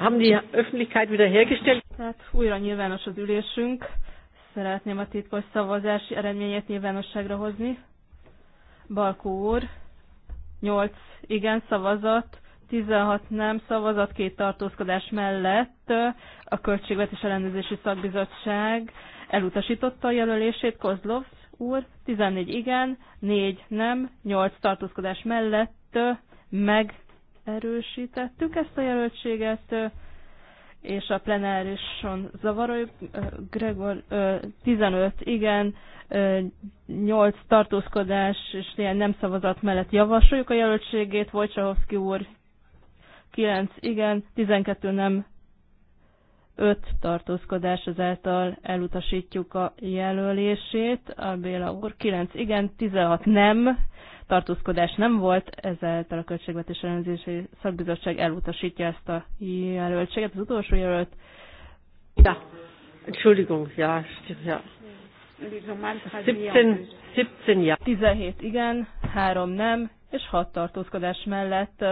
Haben die Öffentlichkeit wiederhergestellt? Tehát újra nyilvános az ülésünk. Szeretném a titkos szavazási eredményét nyilvánosságra hozni. Balkó úr, 8 igen szavazat, 16 nem szavazat, két tartózkodás mellett a Költségvetés Ellenőrzési Szakbizottság elutasította a jelölését Kozlov úr, 14 igen, 4 nem, 8 tartózkodás mellett meg erősítettük ezt a jelöltséget, és a plenárison zavaró Gregor 15 igen, 8 tartózkodás és ilyen nem szavazat mellett javasoljuk a jelöltségét, Wojciechowski úr 9 igen, 12 nem, 5 tartózkodás ezáltal elutasítjuk a jelölését, a Béla úr 9 igen, 16 nem, tartózkodás nem volt, ezáltal a Költségvetés Ellenőrzési Szakbizottság elutasítja ezt a jelöltséget, az utolsó jelölt. Ja, Entschuldigung, ja, ja. 17, 17, ja. 17 igen, 3 nem, és 6 tartózkodás mellett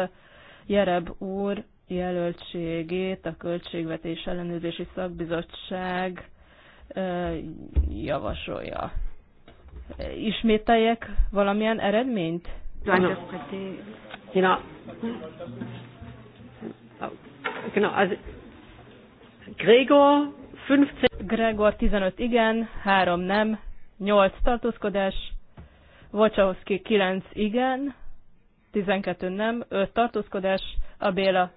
Jereb úr jelöltségét a Költségvetés Ellenőrzési Szakbizottság javasolja ismételjek valamilyen eredményt? Oh, Gregor 15. Gregor 15 igen, 3 nem, 8 tartózkodás, Wojciechowski 9 igen, 12 nem, 5 tartózkodás, Abéla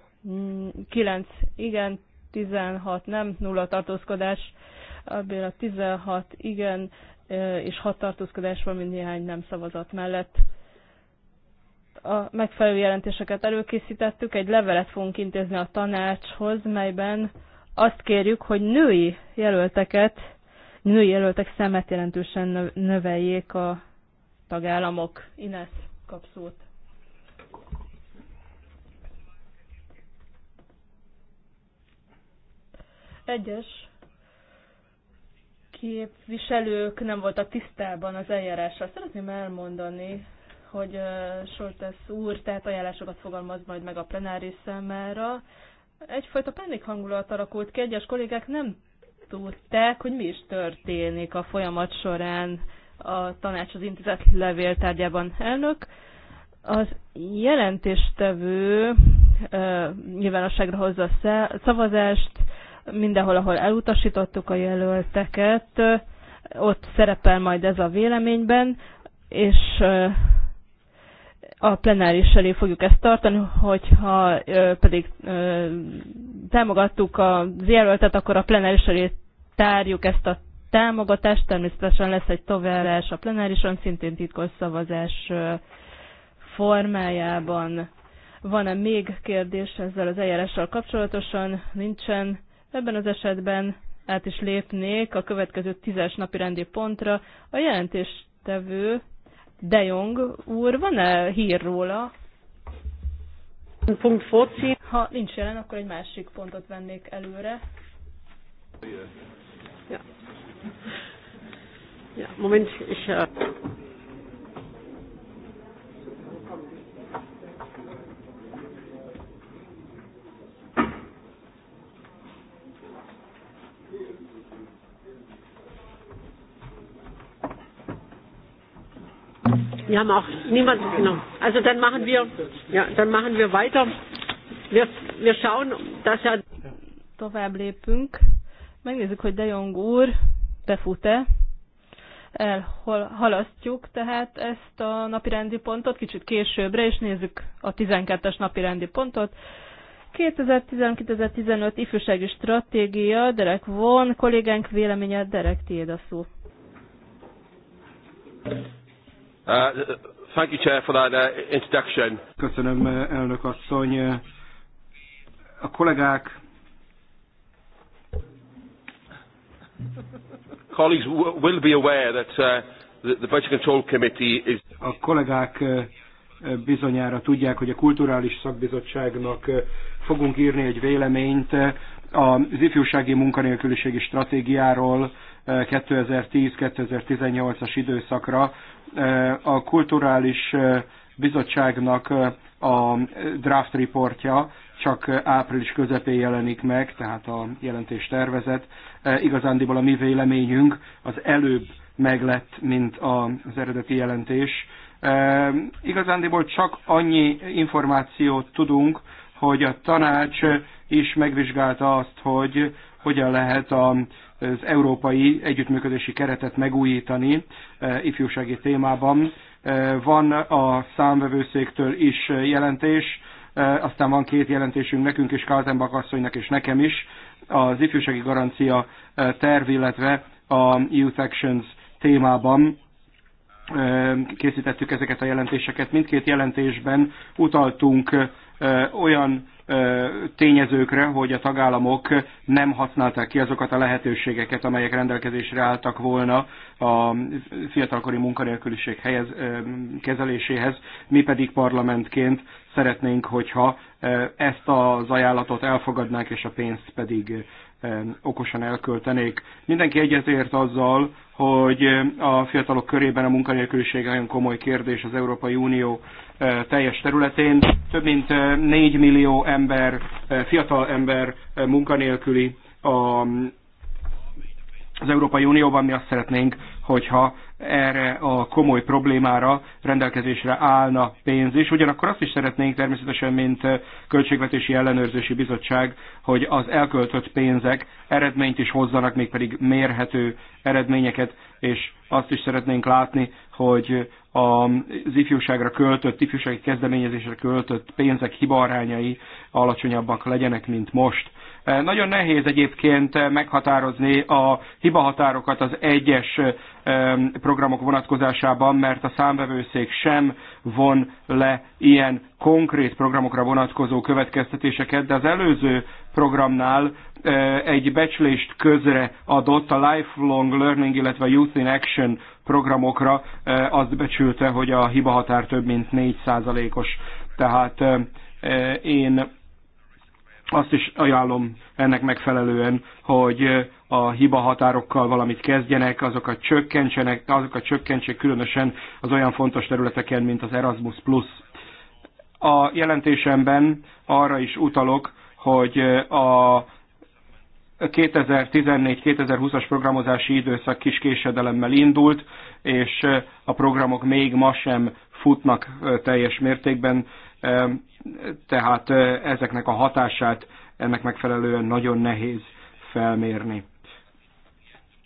9 mm, igen, 16 nem, 0 tartózkodás, Abéla 16 igen, és hat tartózkodás, valamint néhány nem szavazat mellett a megfelelő jelentéseket előkészítettük, egy levelet fogunk intézni a tanácshoz, melyben azt kérjük, hogy női jelölteket, női jelöltek szemet jelentősen növeljék a tagállamok. Ines, kapszót. Egyes képviselők nem voltak tisztában az eljárással. Szeretném elmondani, hogy Soltesz úr tehát ajánlásokat fogalmaz majd meg a plenáris számára. Egyfajta pánik hangulat alakult ki, egyes kollégák nem tudták, hogy mi is történik a folyamat során a tanács az intézet levéltárgyában elnök. Az jelentéstevő nyilvánosságra hozza a szavazást, mindenhol, ahol elutasítottuk a jelölteket, ott szerepel majd ez a véleményben, és a plenáris elé fogjuk ezt tartani, hogyha pedig támogattuk a jelöltet, akkor a plenáris elé tárjuk ezt a támogatást, természetesen lesz egy továrás a plenárison, szintén titkos szavazás formájában. Van-e még kérdés ezzel az eljárással kapcsolatosan? Nincsen. Ebben az esetben át is lépnék a következő tízes napi rendi pontra. A jelentéstevő De Jong úr, van-e hír róla? Pont foci. Ha nincs jelen, akkor egy másik pontot vennék előre. Ja. Ja, Moment, ich... Uh... Wir haben auch niemand genau. Also dann machen wir, ja, dann machen wir weiter. Wir, wir schauen, dass ja. Tovább lépünk. Megnézzük, hogy De Jong úr befut-e. Elhalasztjuk tehát ezt a napirendi pontot kicsit későbbre, és nézzük a 12-es napirendi pontot. 2010-2015 ifjúsági stratégia, Derek von, kollégánk véleménye, Derek tiéd a szó. Uh, thank you, Chair, for that uh, introduction. Köszönöm, uh, elnök asszony. Uh, a kollégák... Colleagues will be aware that uh, the Budget Control Committee is... A kollégák bizonyára tudják, hogy a Kulturális Szakbizottságnak fogunk írni egy véleményt az ifjúsági munkanélküliségi stratégiáról 2010-2018-as időszakra, Eh, a kulturális eh, bizottságnak eh, a draft reportja csak április közepén jelenik meg, tehát a jelentés tervezet. Igazándiból a mi véleményünk az előbb meglett, mint az eredeti jelentés. Igazándiból csak annyi információt tudunk, hogy a tanács is megvizsgálta azt, hogy hogyan lehet a az európai együttműködési keretet megújítani eh, ifjúsági témában. Eh, van a számvevőszéktől is jelentés, eh, aztán van két jelentésünk nekünk és Kaltenbach asszonynak és nekem is, az ifjúsági garancia terv, illetve a Youth Actions témában készítettük ezeket a jelentéseket. Mindkét jelentésben utaltunk olyan tényezőkre, hogy a tagállamok nem használták ki azokat a lehetőségeket, amelyek rendelkezésre álltak volna a fiatalkori munkanélküliség helyez, kezeléséhez. Mi pedig parlamentként szeretnénk, hogyha ezt az ajánlatot elfogadnák, és a pénzt pedig Eh, okosan elköltenék. Mindenki egyetért azzal, hogy eh, a fiatalok körében a munkanélküliség nagyon komoly kérdés az Európai Unió eh, teljes területén. Több mint 4 millió ember, fiatal ember munkanélküli a mm, az Európai Unióban mi azt szeretnénk, hogyha erre a komoly problémára rendelkezésre állna pénz is. Ugyanakkor azt is szeretnénk természetesen, mint Költségvetési Ellenőrzési Bizottság, hogy az elköltött pénzek eredményt is hozzanak, mégpedig mérhető eredményeket, és azt is szeretnénk látni, hogy az ifjúságra költött, ifjúsági kezdeményezésre költött pénzek hibarányai alacsonyabbak legyenek, mint most. Eh, nagyon nehéz egyébként eh, meghatározni a hibahatárokat az egyes programok vonatkozásában, mert a számvevőszék sem von le ilyen konkrét programokra vonatkozó következtetéseket, de az előző programnál eh, egy becslést közre adott a Lifelong Learning, illetve Youth in Action programokra, azt becsülte, hogy a hibahatár több mint 4%-os. Tehát én azt is ajánlom ennek megfelelően, hogy a hiba határokkal valamit kezdjenek, azokat csökkentsenek, azokat csökkentsék különösen az olyan fontos területeken, mint az Erasmus+. A jelentésemben arra is utalok, hogy a 2014-2020-as programozási időszak kis késedelemmel indult, és a programok még ma sem futnak teljes mértékben tehát ezeknek a hatását ennek megfelelően nagyon nehéz felmérni.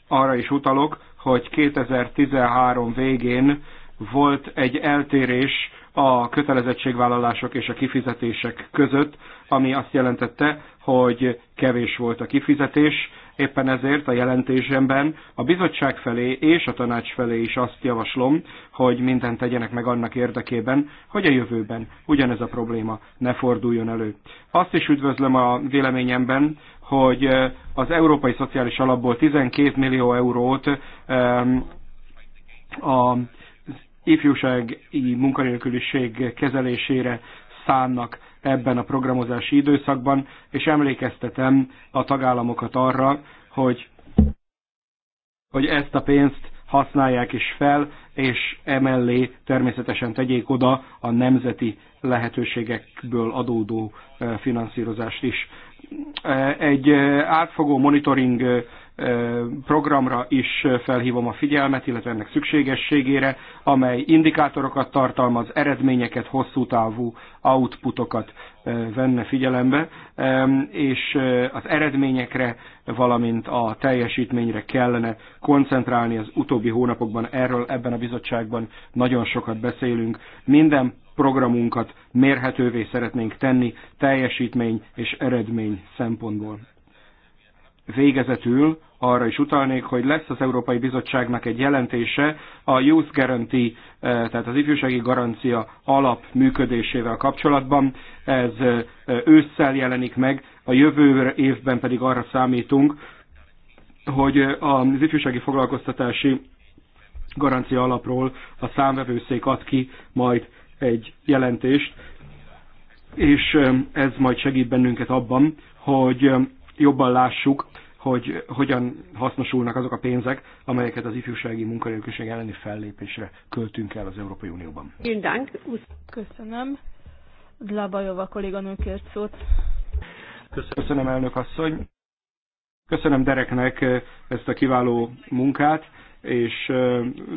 Arra is utalok, hogy 2013 végén volt egy eltérés a kötelezettségvállalások és a kifizetések között, ami azt jelentette, hogy kevés volt a kifizetés, Éppen ezért a jelentésemben a bizottság felé és a tanács felé is azt javaslom, hogy mindent tegyenek meg annak érdekében, hogy a jövőben ugyanez a probléma ne forduljon elő. Azt is üdvözlöm a véleményemben, hogy az Európai Szociális Alapból 12 millió eurót a ifjúsági munkanélküliség kezelésére szánnak ebben a programozási időszakban, és emlékeztetem a tagállamokat arra, hogy, hogy ezt a pénzt használják is fel, és emellé természetesen tegyék oda a nemzeti lehetőségekből adódó eh, finanszírozást is. Eh, egy eh, átfogó monitoring programra is felhívom a figyelmet, illetve ennek szükségességére, amely indikátorokat tartalmaz, eredményeket, hosszú távú outputokat venne figyelembe, és az eredményekre, valamint a teljesítményre kellene koncentrálni az utóbbi hónapokban. Erről ebben a bizottságban nagyon sokat beszélünk. Minden programunkat mérhetővé szeretnénk tenni teljesítmény és eredmény szempontból végezetül arra is utalnék, hogy lesz az Európai Bizottságnak egy jelentése a Youth Guarantee, eh, tehát az ifjúsági garancia alap működésével kapcsolatban. Ez eh, ősszel jelenik meg, a jövő évben pedig arra számítunk, hogy eh, az ifjúsági foglalkoztatási garancia alapról a számvevőszék ad ki majd egy jelentést, és ez majd segít bennünket abban, hogy jobban lássuk, hogy hogyan hasznosulnak azok a pénzek, amelyeket az ifjúsági munkanélküliség elleni fellépésre költünk el az Európai Unióban. Köszönöm. Dlabajova kolléganő kért szót. Köszönöm, elnök asszony. Köszönöm Dereknek eh, ezt a kiváló munkát és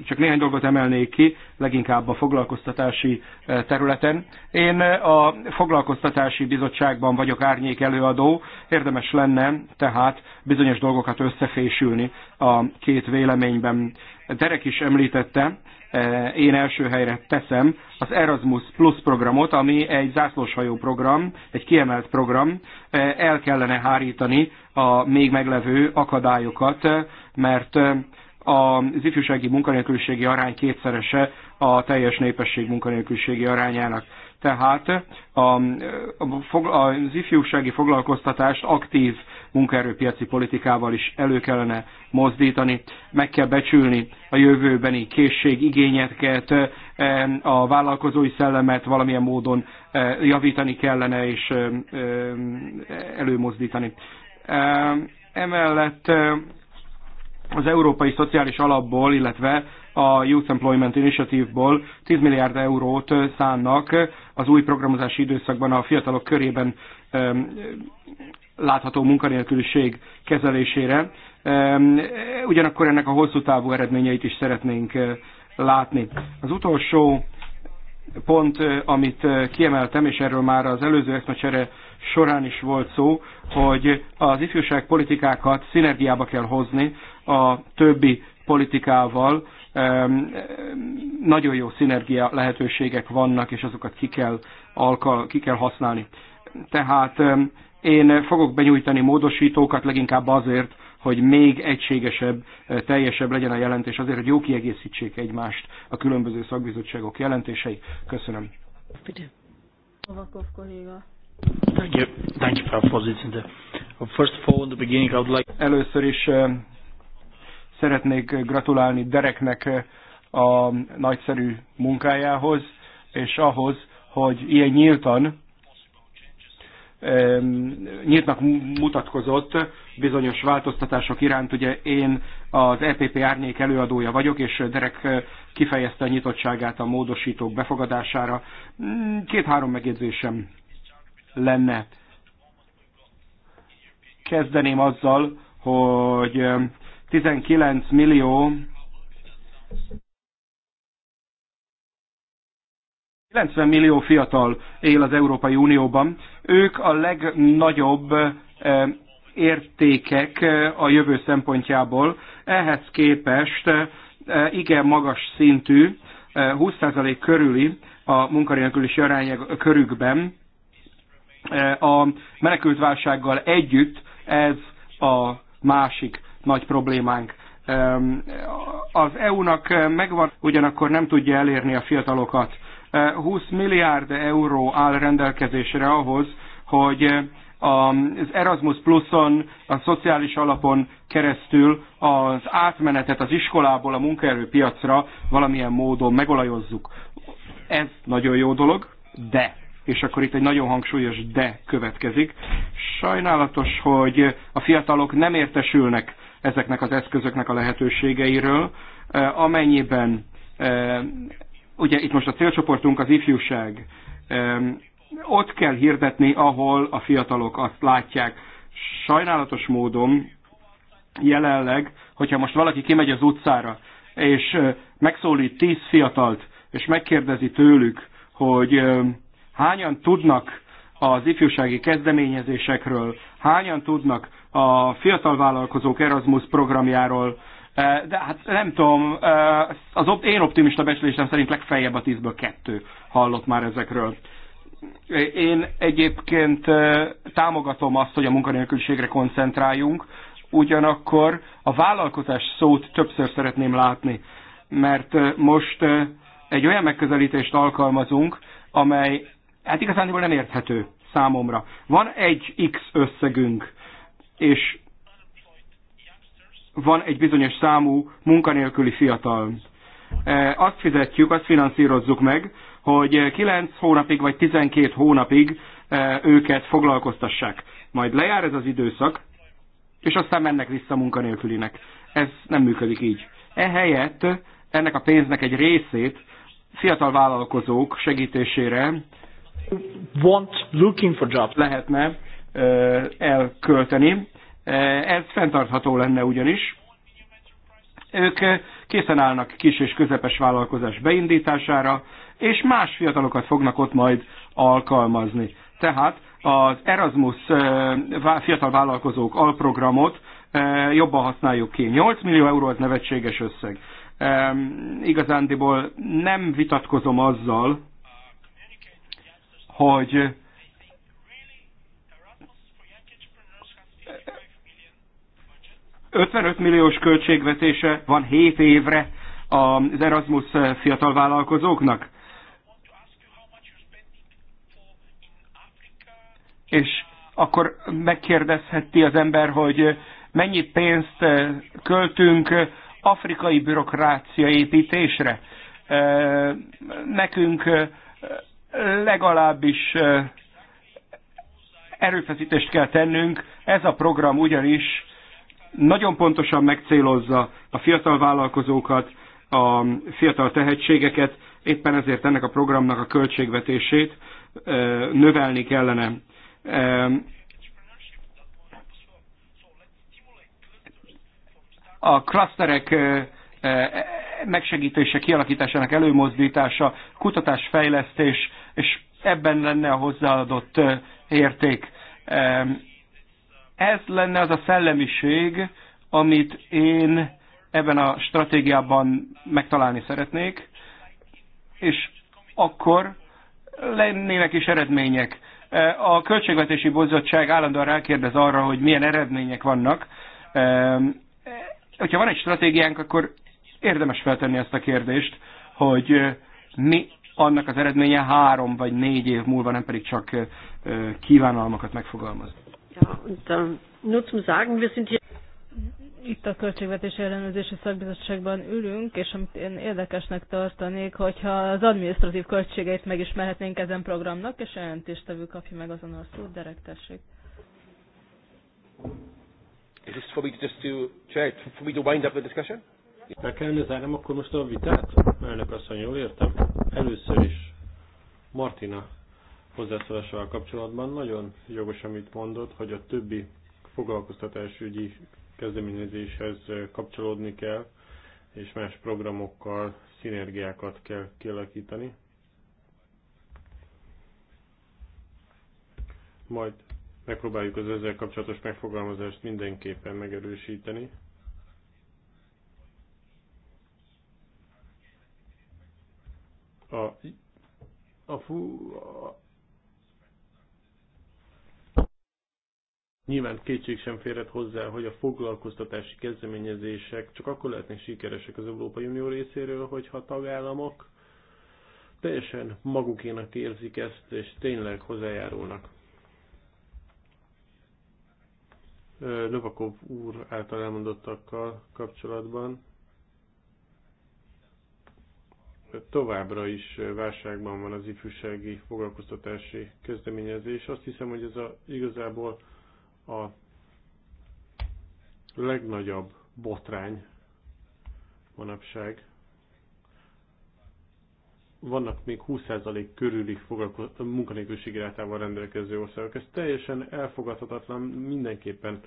csak néhány dolgot emelnék ki, leginkább a foglalkoztatási területen. Én a foglalkoztatási bizottságban vagyok árnyék előadó, érdemes lenne tehát bizonyos dolgokat összefésülni a két véleményben. Derek is említette, én első helyre teszem az Erasmus Plus programot, ami egy zászlóshajó program, egy kiemelt program, el kellene hárítani a még meglevő akadályokat, mert az ifjúsági munkanélküliségi arány kétszerese a teljes népesség munkanélküliségi arányának. Tehát a, a, az ifjúsági foglalkoztatást aktív munkaerőpiaci politikával is elő kellene mozdítani, meg kell becsülni a jövőbeni készség igényeket, e, a vállalkozói szellemet valamilyen módon e, javítani kellene és e, előmozdítani. Emellett az Európai Szociális Alapból, illetve a Youth Employment Initiative-ból 10 milliárd eurót szánnak az új programozási időszakban a fiatalok körében látható munkanélküliség kezelésére. Ugyanakkor ennek a hosszú távú eredményeit is szeretnénk látni. Az utolsó pont, amit kiemeltem, és erről már az előző eszmecsere során is volt szó, hogy az ifjúság politikákat szinergiába kell hozni a többi politikával nagyon jó szinergia lehetőségek vannak, és azokat ki kell, alkal, ki kell használni. Tehát én fogok benyújtani módosítókat leginkább azért, hogy még egységesebb, eh, teljesebb legyen a jelentés, azért, hogy jó kiegészítsék egymást a különböző szakbizottságok jelentései. Köszönöm. Thank you. Thank you, for the, First of all, in the beginning, I would like... Először is Szeretnék gratulálni Dereknek eh, a nagyszerű munkájához, és ahhoz, hogy ilyen nyíltan nyíltnak mutatkozott bizonyos változtatások iránt. Ugye én az EPP árnyék előadója vagyok, és Derek eh, kifejezte a nyitottságát a módosítók befogadására. Mm, két-három megjegyzésem lenne. Kezdeném azzal, hogy 19 millió 90 millió fiatal él az Európai Unióban. Ők a legnagyobb eh, értékek eh, a jövő szempontjából. Ehhez képest eh, igen magas szintű, 20% körüli a munkanélküliségi arány körükben. A menekültválsággal együtt ez a másik nagy problémánk. Az EU-nak megvan, ugyanakkor nem tudja elérni a fiatalokat. 20 milliárd euró áll rendelkezésre ahhoz, hogy az Erasmus Pluson, a szociális alapon keresztül az átmenetet az iskolából a munkaerőpiacra valamilyen módon megolajozzuk. Ez nagyon jó dolog, de, és akkor itt egy nagyon hangsúlyos de következik, sajnálatos, hogy a fiatalok nem értesülnek ezeknek az eszközöknek a lehetőségeiről, eh, amennyiben eh, ugye itt most a célcsoportunk az ifjúság, eh, ott kell hirdetni, ahol a fiatalok azt látják. Sajnálatos módon jelenleg, hogyha most valaki kimegy az utcára, és megszólít tíz fiatalt, és megkérdezi tőlük, hogy hányan tudnak az ifjúsági kezdeményezésekről, hányan tudnak a fiatal vállalkozók Erasmus programjáról, e, de hát nem tudom, e, az én optimista becslésem szerint legfeljebb a tízből kettő hallott már ezekről. Én egyébként e, támogatom azt, hogy a munkanélküliségre koncentráljunk, ugyanakkor a vállalkozás szót többször szeretném látni, mert most egy olyan megközelítést alkalmazunk, amely hát igazán nem érthető számomra. Van egy X összegünk, és van egy bizonyos számú munkanélküli fiatal. E, azt fizetjük, azt finanszírozzuk meg, hogy 9 hónapig vagy 12 hónapig e, őket foglalkoztassák. Majd lejár ez az időszak, és aztán mennek vissza munkanélkülinek. Ez nem működik így. Ehelyett ennek a pénznek egy részét fiatal vállalkozók segítésére want looking for jobs lehetne e, elkölteni, Eh, ez fenntartható lenne ugyanis. Ők eh, készen állnak kis és közepes vállalkozás beindítására, és más fiatalokat fognak ott majd alkalmazni. Tehát az Erasmus eh, fiatal vállalkozók alprogramot jobban használjuk ki. 8 millió euró az nevetséges összeg. Igazándiból nem vitatkozom azzal, hogy 55 milliós költségvetése van 7 évre az Erasmus fiatal vállalkozóknak. És akkor megkérdezheti az ember, hogy mennyi pénzt eh, költünk afrikai bürokrácia építésre. Eh, nekünk eh, legalábbis erőfeszítést kell tennünk, ez a program ugyanis nagyon pontosan megcélozza a fiatal vállalkozókat, a fiatal tehetségeket, éppen ezért ennek a programnak a költségvetését növelni kellene. A klaszterek megsegítése, kialakításának előmozdítása, kutatásfejlesztés, és ebben lenne a hozzáadott érték. Ez lenne az a szellemiség, amit én ebben a stratégiában megtalálni szeretnék, és akkor lennének is eredmények. A Költségvetési Bozottság állandóan rákérdez arra, hogy milyen eredmények vannak. Ehm, hogyha van egy stratégiánk, akkor érdemes feltenni ezt a kérdést, hogy mi annak az eredménye három vagy négy év múlva, nem pedig csak kívánalmakat megfogalmaz. Ja, und ähm, nur zum Sagen, wir sind hier itt a Költségvetési Ellenőrzési Szakbizottságban ülünk, és amit én érdekesnek tartanék, hogyha az administratív költségeit megismerhetnénk ezen programnak, és jelentéstevő kapja meg azon a szót, derek tessék. Is this for me to just to check, for me to wind up the discussion? kellene zárnom akkor most a vitát? Elnök asszony, jól értem? Először is Martina hozzászólással kapcsolatban. Nagyon jogos, amit mondott, hogy a többi foglalkoztatásügyi kezdeményezéshez kapcsolódni kell, és más programokkal szinergiákat kell kialakítani. Majd megpróbáljuk az ezzel kapcsolatos megfogalmazást mindenképpen megerősíteni. A, a, fu, a Nyilván kétség sem férhet hozzá, hogy a foglalkoztatási kezdeményezések csak akkor lehetnek sikeresek az Európai Unió részéről, hogyha a tagállamok teljesen magukénak érzik ezt, és tényleg hozzájárulnak. Novakov úr által elmondottakkal kapcsolatban továbbra is válságban van az ifjúsági foglalkoztatási kezdeményezés. Azt hiszem, hogy ez a, igazából a legnagyobb botrány manapság. Vannak még 20% körüli munkanélküliség irátával rendelkező országok. Ez teljesen elfogadhatatlan mindenképpen.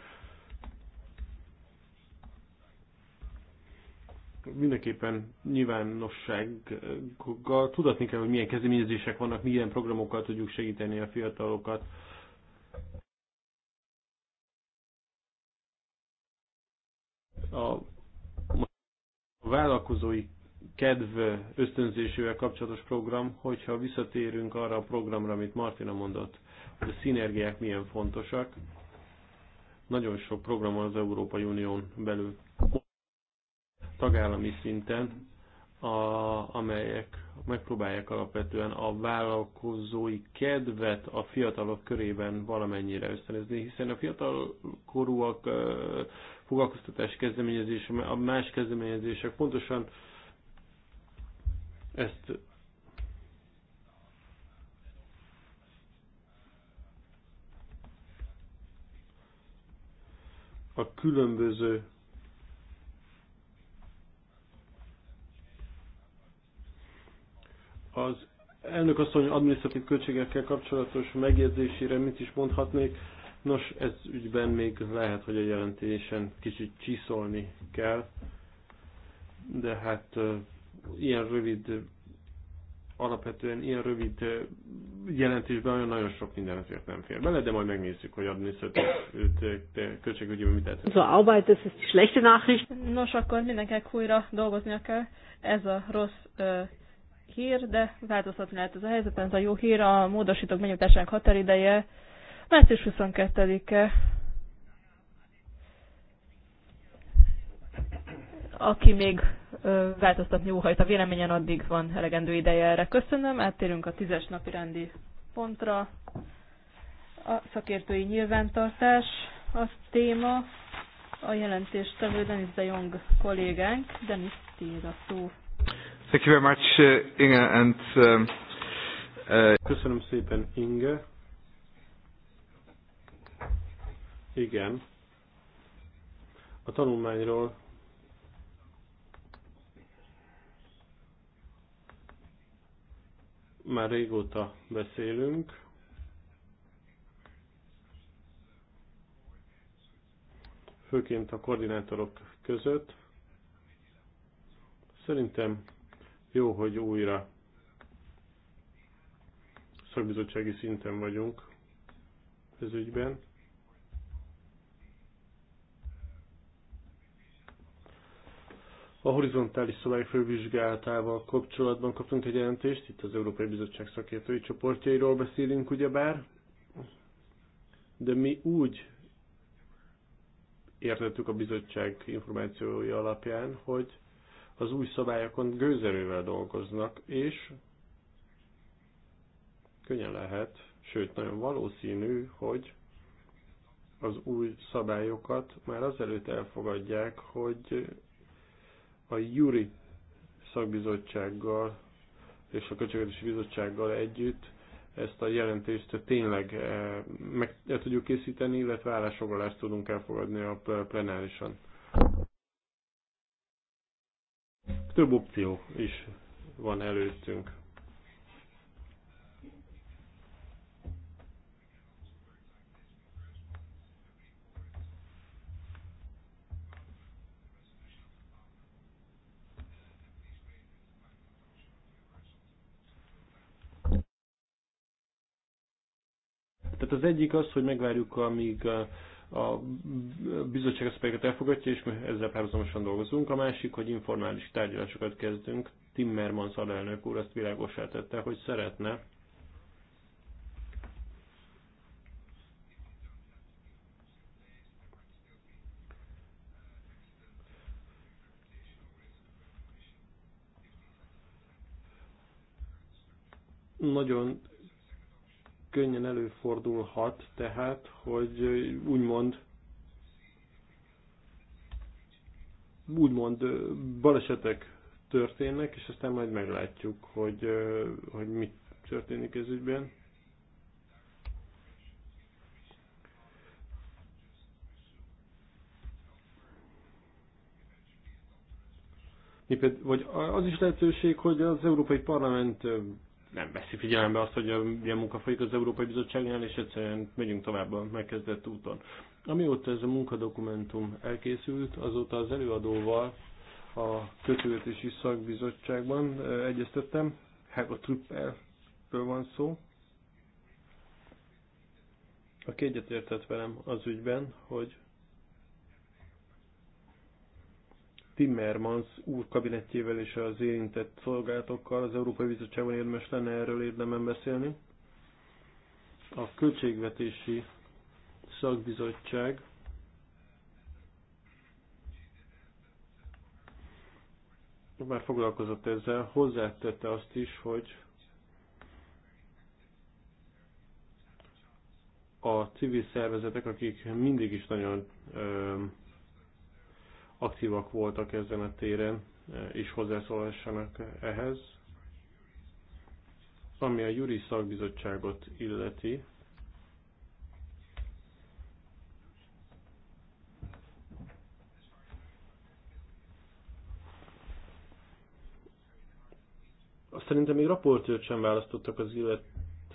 Mindenképpen nyilvánossággal tudatni kell, hogy milyen kezdeményezések vannak, milyen programokkal tudjuk segíteni a fiatalokat A vállalkozói kedv ösztönzésével kapcsolatos program, hogyha visszatérünk arra a programra, amit Martina mondott, hogy a szinergiák milyen fontosak. Nagyon sok program van az Európai Unión belül, tagállami szinten, a, amelyek megpróbálják alapvetően a vállalkozói kedvet a fiatalok körében valamennyire ösztönözni, hiszen a fiatalkorúak foglalkoztatás kezdeményezés, a más kezdeményezések pontosan ezt a különböző az elnök asszony adminisztratív költségekkel kapcsolatos megjegyzésére mit is mondhatnék. Nos, ez ügyben még lehet, hogy a jelentésen kicsit csiszolni kell, de hát ilyen rövid, alapvetően ilyen rövid jelentésben olyan nagyon sok minden azért nem fér bele, de majd megnézzük, hogy adminisztratív költségügyben mit tehetünk. So, Arbeit, ez, ist die schlechte Nachricht. Nos, akkor mindenkinek újra dolgoznia kell. Ez a rossz uh, hír, de változtatni lehet ez a helyzeten. Ez a jó hír, a módosítók benyújtásának határideje Március 22-e aki még változtatni óhajt a véleményen, addig van elegendő ideje erre. Köszönöm, áttérünk a tízes napi rendi pontra. A szakértői nyilvántartás a téma, a tevő Denis de Jong kollégánk. Denis, tiéd a szó. Thank you very much, uh, Inge, and, uh, uh... Köszönöm szépen, Inge. Igen. A tanulmányról már régóta beszélünk. Főként a koordinátorok között. Szerintem jó, hogy újra szakbizottsági szinten vagyunk ez ügyben. A horizontális szabályok felvizsgálatával kapcsolatban kaptunk egy jelentést, itt az Európai Bizottság szakértői csoportjairól beszélünk ugyebár, de mi úgy értettük a bizottság információi alapján, hogy az új szabályokon gőzerővel dolgoznak, és könnyen lehet, sőt nagyon valószínű, hogy az új szabályokat már azelőtt elfogadják, hogy a Juri szakbizottsággal és a Költségvetési Bizottsággal együtt ezt a jelentést tényleg eh, meg el tudjuk készíteni, illetve állásfoglalást tudunk elfogadni a plenárisan. Több opció is van előttünk. Tehát az egyik az, hogy megvárjuk, amíg a, a bizottság ezt elfogadja, és mi ezzel párhuzamosan dolgozunk. A másik, hogy informális tárgyalásokat kezdünk. Timmermans alelnök úr azt világosá tette, hogy szeretne nagyon könnyen előfordulhat tehát, hogy úgymond úgymond balesetek történnek, és aztán majd meglátjuk, hogy, hogy mit történik ez ügyben. vagy az is lehetőség, hogy az Európai Parlament nem veszi figyelembe azt, hogy milyen munka folyik az Európai Bizottságnál, és egyszerűen megyünk tovább a megkezdett úton. Amióta ez a munkadokumentum elkészült, azóta az előadóval a Költségvetési Szakbizottságban egyeztettem, Helga Truppelről van szó, aki egyetértett velem az ügyben, hogy Timmermans úr kabinettjével és az érintett szolgálatokkal az Európai Bizottságban érdemes lenne erről érdemben beszélni. A Költségvetési Szakbizottság már foglalkozott ezzel, hozzátette azt is, hogy a civil szervezetek, akik mindig is nagyon aktívak voltak ezen a téren, e, és hozzászólhassanak ehhez. Ami a Juri Szakbizottságot illeti, szerintem még raportőrt sem választottak az illetet,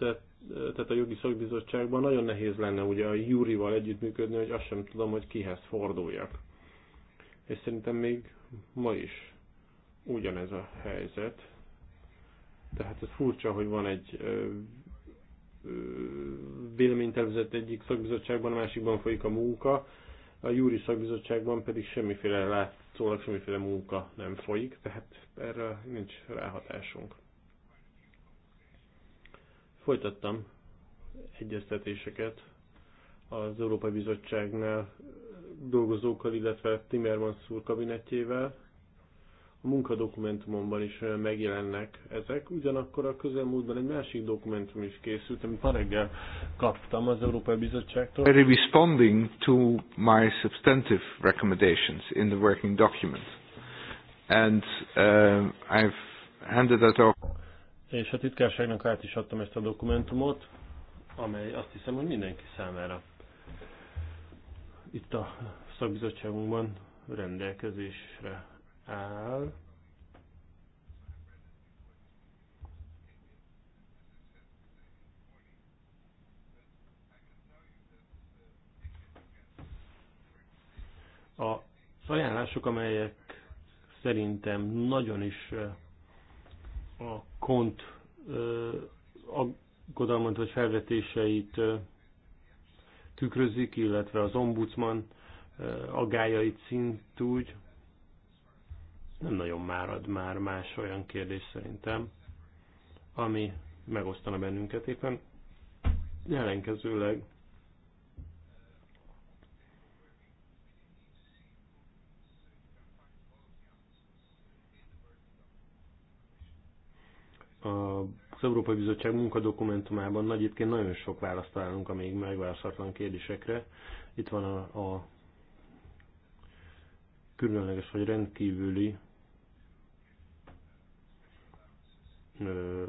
e, tehát a jogi szakbizottságban nagyon nehéz lenne ugye a Júrival együttműködni, hogy azt sem tudom, hogy kihez forduljak és szerintem még ma is ugyanez a helyzet. Tehát ez furcsa, hogy van egy véleménytervezet egyik szakbizottságban, a másikban folyik a munka, a júri szakbizottságban pedig semmiféle látszólag semmiféle munka nem folyik, tehát erre nincs ráhatásunk. Folytattam egyeztetéseket az Európai Bizottságnál dolgozókkal, illetve Timmermans úr kabinetjével. A munkadokumentumomban is megjelennek ezek. Ugyanakkor a közelmúltban egy másik dokumentum is készült, amit ma reggel kaptam az Európai Bizottságtól. Responding to my substantive recommendations in the working document. And uh, I've handed that off. És a titkárságnak át is adtam ezt a dokumentumot, amely azt hiszem, hogy mindenki számára itt a szakbizottságunkban rendelkezésre áll. A ajánlások, amelyek szerintem nagyon is a kont aggodalmat vagy felvetéseit tükrözik, illetve az ombudsman eh, szint úgy. Nem nagyon márad már más olyan kérdés szerintem, ami megosztana bennünket éppen. Ellenkezőleg a az Európai Bizottság munkadokumentumában egyébként nagyon sok választ találunk a még megválaszolatlan kérdésekre. Itt van a, a különleges vagy rendkívüli ö,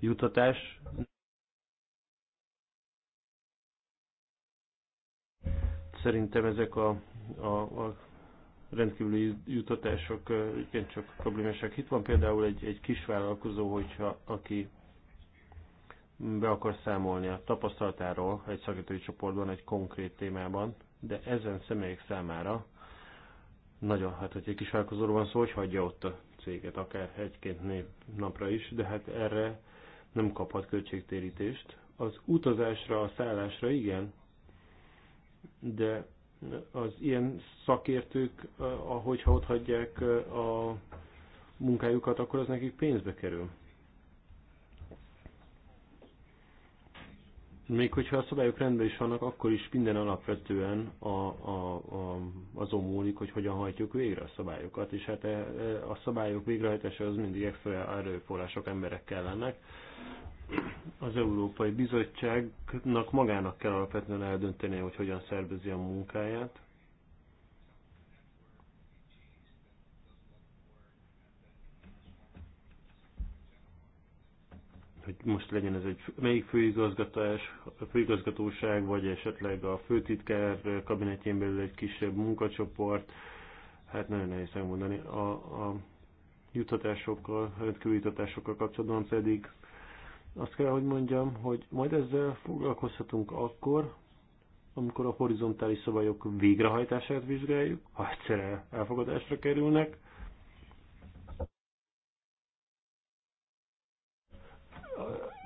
jutatás, Szerintem ezek a, a, a rendkívüli jutatások csak problémásak. Itt van például egy, egy kisvállalkozó, hogyha, aki be akar számolni a tapasztalatáról egy szakítói csoportban, egy konkrét témában, de ezen személyek számára nagyon, hát hogy egy kis vállalkozóról van szó, hogy hagyja ott a céget, akár egy-két napra is, de hát erre nem kaphat költségtérítést. Az utazásra, a szállásra igen, de az ilyen szakértők, ahogyha ott hagyják a munkájukat, akkor az nekik pénzbe kerül. Még hogyha a szabályok rendben is vannak, akkor is minden alapvetően a, a, a, azon múlik, hogy hogyan hajtjuk végre a szabályokat, és hát e, e, a szabályok végrehajtása az mindig extra erőforrások emberek kellenek az Európai Bizottságnak magának kell alapvetően eldöntenie, hogy hogyan szervezi a munkáját. Hogy most legyen ez egy melyik főigazgatás, főigazgatóság, vagy esetleg a főtitkár kabinetjén belül egy kisebb munkacsoport, hát nagyon nehéz megmondani. A, a juttatásokkal, rendkívül juttatásokkal kapcsolatban pedig azt kell, hogy mondjam, hogy majd ezzel foglalkozhatunk akkor, amikor a horizontális szabályok végrehajtását vizsgáljuk, ha egyszerre elfogadásra kerülnek,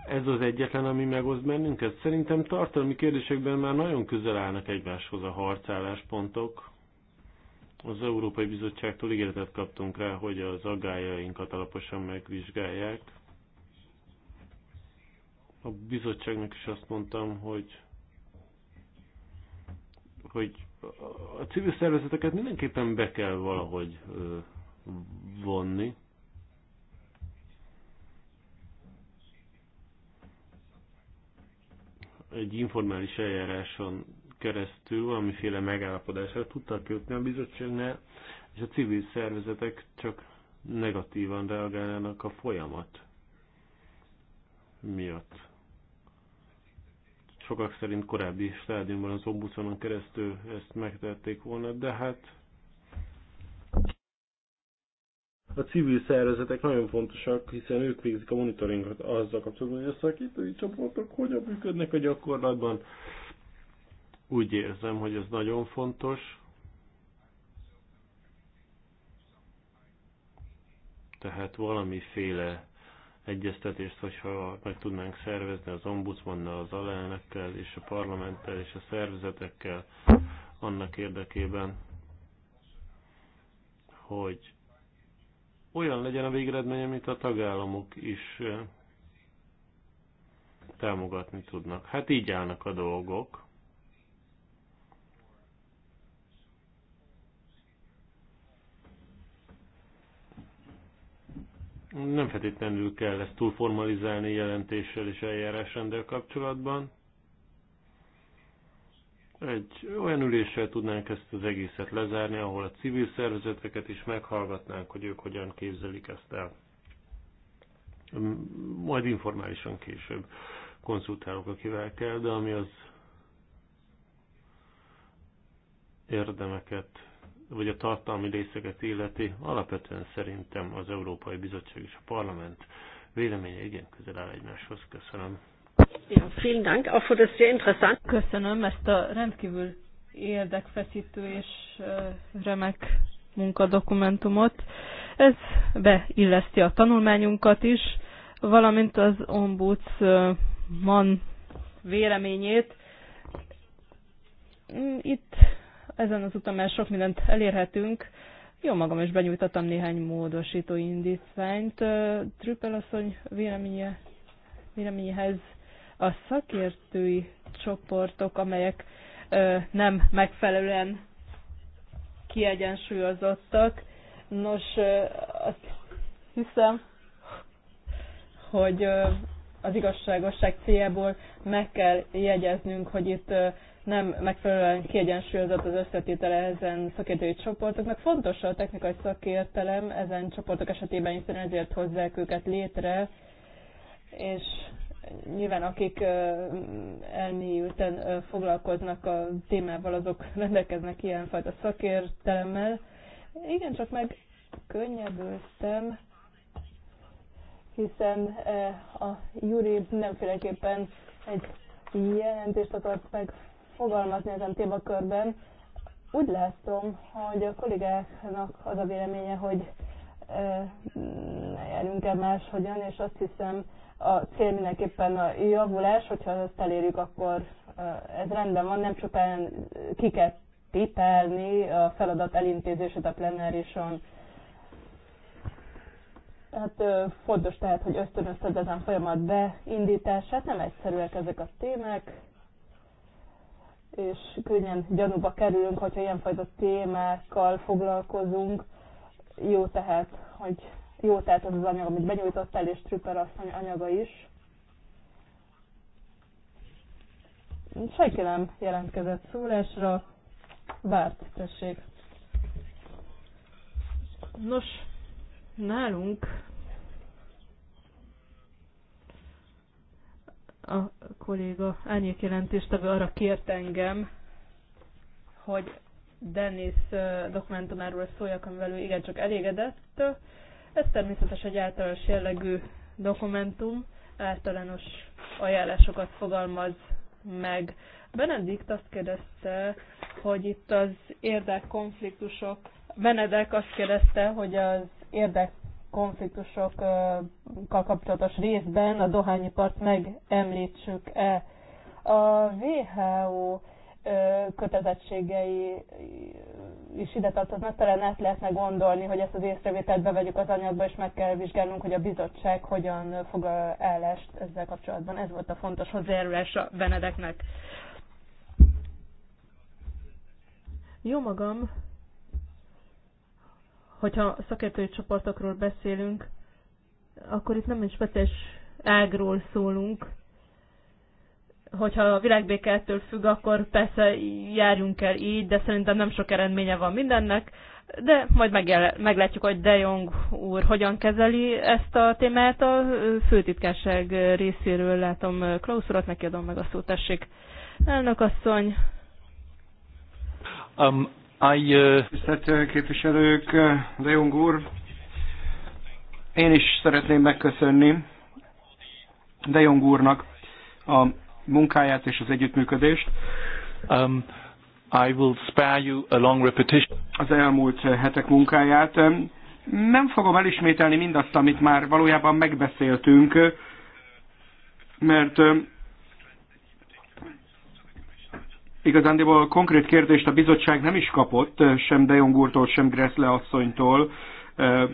ez az egyetlen, ami megoszt bennünket? Szerintem tartalmi kérdésekben már nagyon közel állnak egymáshoz a harcálláspontok. Az Európai Bizottságtól ígéretet kaptunk rá, hogy az aggájainkat alaposan megvizsgálják. A bizottságnak is azt mondtam, hogy hogy a civil szervezeteket mindenképpen be kell valahogy vonni. Egy informális eljáráson keresztül valamiféle megállapodásra tudtak jutni a bizottságnál, és a civil szervezetek csak negatívan reagálnának a folyamat miatt sokak szerint korábbi stádiumban az ombudsmanon keresztül ezt megtették volna, de hát a civil szervezetek nagyon fontosak, hiszen ők végzik a monitoringot azzal kapcsolatban, hogy a szakítói csoportok hogyan működnek a gyakorlatban. Úgy érzem, hogy ez nagyon fontos. Tehát valamiféle egyeztetést, hogyha meg tudnánk szervezni az ombudsmannal, az alelnökkel és a parlamenttel és a szervezetekkel annak érdekében, hogy olyan legyen a végeredmény, amit a tagállamok is eh, támogatni tudnak. Hát így állnak a dolgok. Nem feltétlenül kell ezt túl formalizálni jelentéssel és eljárásrendel kapcsolatban. Egy olyan üléssel tudnánk ezt az egészet lezárni, ahol a civil szervezeteket is meghallgatnánk, hogy ők hogyan képzelik ezt el. Majd informálisan később konzultálok, akivel kell, de ami az érdemeket vagy a tartalmi részeket illeti, alapvetően szerintem az Európai Bizottság és a Parlament véleménye igen közel áll egymáshoz. Köszönöm. Ja, vielen Dank, auch für das sehr interessant. Köszönöm ezt a rendkívül érdekfeszítő és remek munkadokumentumot. Ez beilleszti a tanulmányunkat is, valamint az ombudsman véleményét. Itt ezen az úton már sok mindent elérhetünk. Jó magam is benyújtottam néhány módosító indítványt. Trüppel asszony véleménye, véleményehez a szakértői csoportok, amelyek nem megfelelően kiegyensúlyozottak. Nos, azt hiszem, hogy az igazságosság céljából meg kell jegyeznünk, hogy itt nem megfelelően kiegyensúlyozott az összetétele ezen szakértői csoportoknak. Fontos a technikai szakértelem ezen csoportok esetében, hiszen ezért hozzák őket létre, és nyilván akik elmélyülten foglalkoznak a témával, azok rendelkeznek ilyenfajta szakértelemmel. Igen, csak meg könnyebbültem, hiszen a Júri mindenféleképpen egy jelentést akart meg fogalmazni ezen témakörben. Úgy látom, hogy a kollégáknak az a véleménye, hogy járjunk el máshogyan, és azt hiszem a cél mindenképpen a javulás, hogyha ezt elérjük, akkor ez rendben van, nem csupán ki kell tépelni a feladat elintézését a plenárison. Hát fontos tehát, hogy ösztönözted ezen folyamat beindítását, nem egyszerűek ezek a témák, és könnyen gyanúba kerülünk, hogyha ilyenfajta témákkal foglalkozunk. Jó tehát, hogy jó tehát az az anyag, amit benyújtottál, és Trüper asszony anyaga is. Senki nem jelentkezett szólásra. Várt, tessék. Nos, nálunk A kolléga Ányék jelentéstevő arra kért engem, hogy Dennis dokumentumáról szóljak, amivel ő igencsak elégedett. Ez természetesen egy általános jellegű dokumentum, általános ajánlásokat fogalmaz meg. Benedikt azt kérdezte, hogy itt az érdek konfliktusok. Benedek azt kérdezte, hogy az érdek konfliktusokkal kapcsolatos részben a dohányipart megemlítsük-e. A WHO kötelezettségei is ide tartoznak, talán át lehetne gondolni, hogy ezt az észrevételt bevegyük az anyagba, és meg kell vizsgálnunk, hogy a bizottság hogyan fog állást ezzel kapcsolatban. Ez volt a fontos hozzájárulás a Benedeknek. Jó magam, Hogyha szakértői csoportokról beszélünk, akkor itt nem egy speciális ágról szólunk. Hogyha a világbékeltől függ, akkor persze járjunk el így, de szerintem nem sok eredménye van mindennek, de majd meglátjuk, hogy De Jong úr hogyan kezeli ezt a témát. A főtitkárság részéről látom Klaus urat, neki adom meg a szót, tessék. Elnök asszony. Um, I, Tisztelt képviselők, Leung úr, én is szeretném megköszönni De Jong úrnak a munkáját és az együttműködést. Um, I will spare you a long repetition. Az elmúlt hetek munkáját. Nem fogom elismételni mindazt, amit már valójában megbeszéltünk, mert Igazándiból konkrét kérdést a bizottság nem is kapott, eh, sem De Jong úrtól, sem Gressle asszonytól. Eh,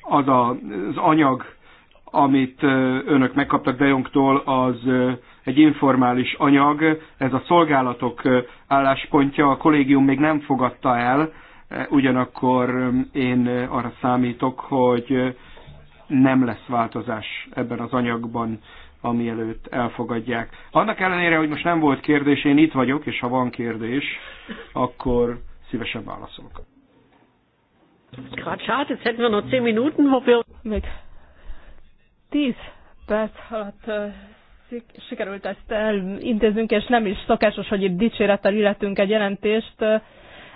az a, az anyag, amit eh, önök megkaptak De Jongtól, az egy informális anyag. Ez a szolgálatok álláspontja, a kollégium még nem fogadta el, ugyanakkor én arra számítok, hogy nem lesz változás ebben az anyagban ami előtt elfogadják. Annak ellenére, hogy most nem volt kérdés, én itt vagyok, és ha van kérdés, akkor szívesen válaszolok. 10 Még 10 perc alatt sikerült ezt elintéznünk, és nem is szokásos, hogy itt dicsérettel illetünk egy jelentést.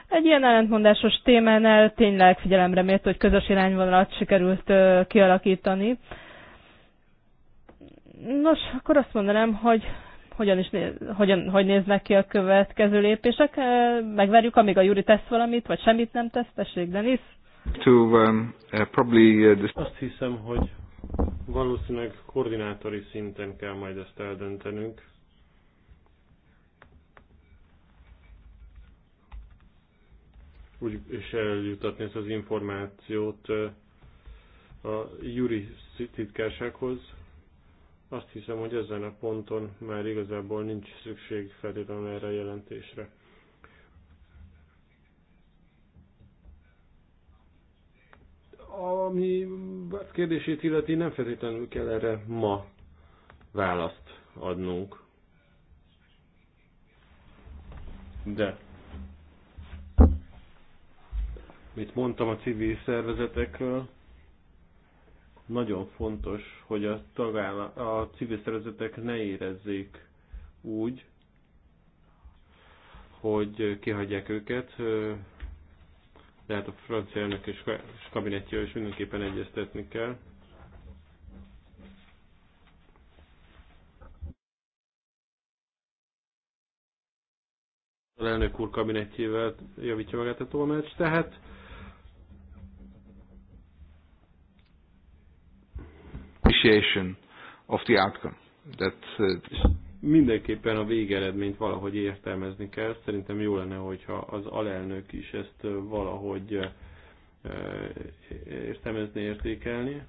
egy ilyen ellentmondásos témánál tényleg figyelemre mért, hogy közös irányvonalat sikerült kialakítani. Nos, akkor azt mondanám, hogy hogyan, is néz, hogyan hogy néznek ki a következő lépések. Eh, Megvárjuk, amíg a Júri tesz valamit, vagy semmit nem tesz, tessék, Denis. To, um, uh, probably, uh, this... Azt hiszem, hogy valószínűleg koordinátori szinten kell majd ezt eldöntenünk. Úgy, és eljutatni ezt az információt eh, a Júri titkársághoz, azt hiszem, hogy ezen a ponton már igazából nincs szükség feltétlenül erre a jelentésre. Ami hát kérdését illeti, nem feltétlenül kell erre ma választ adnunk. De mit mondtam a civil szervezetekről, nagyon fontos, hogy a, tagállam, a civil szervezetek ne érezzék úgy, hogy kihagyják őket, de hát a francia elnök és kabinetje is mindenképpen egyeztetni kell. A elnök úr kabinetjével javítja magát a tolmács, tehát appreciation of the outcome. That, uh, Mindenképpen a végeredményt valahogy értelmezni kell. Szerintem jó lenne, hogyha az alelnök is ezt uh, valahogy uh, uh, értelmezni, értékelni.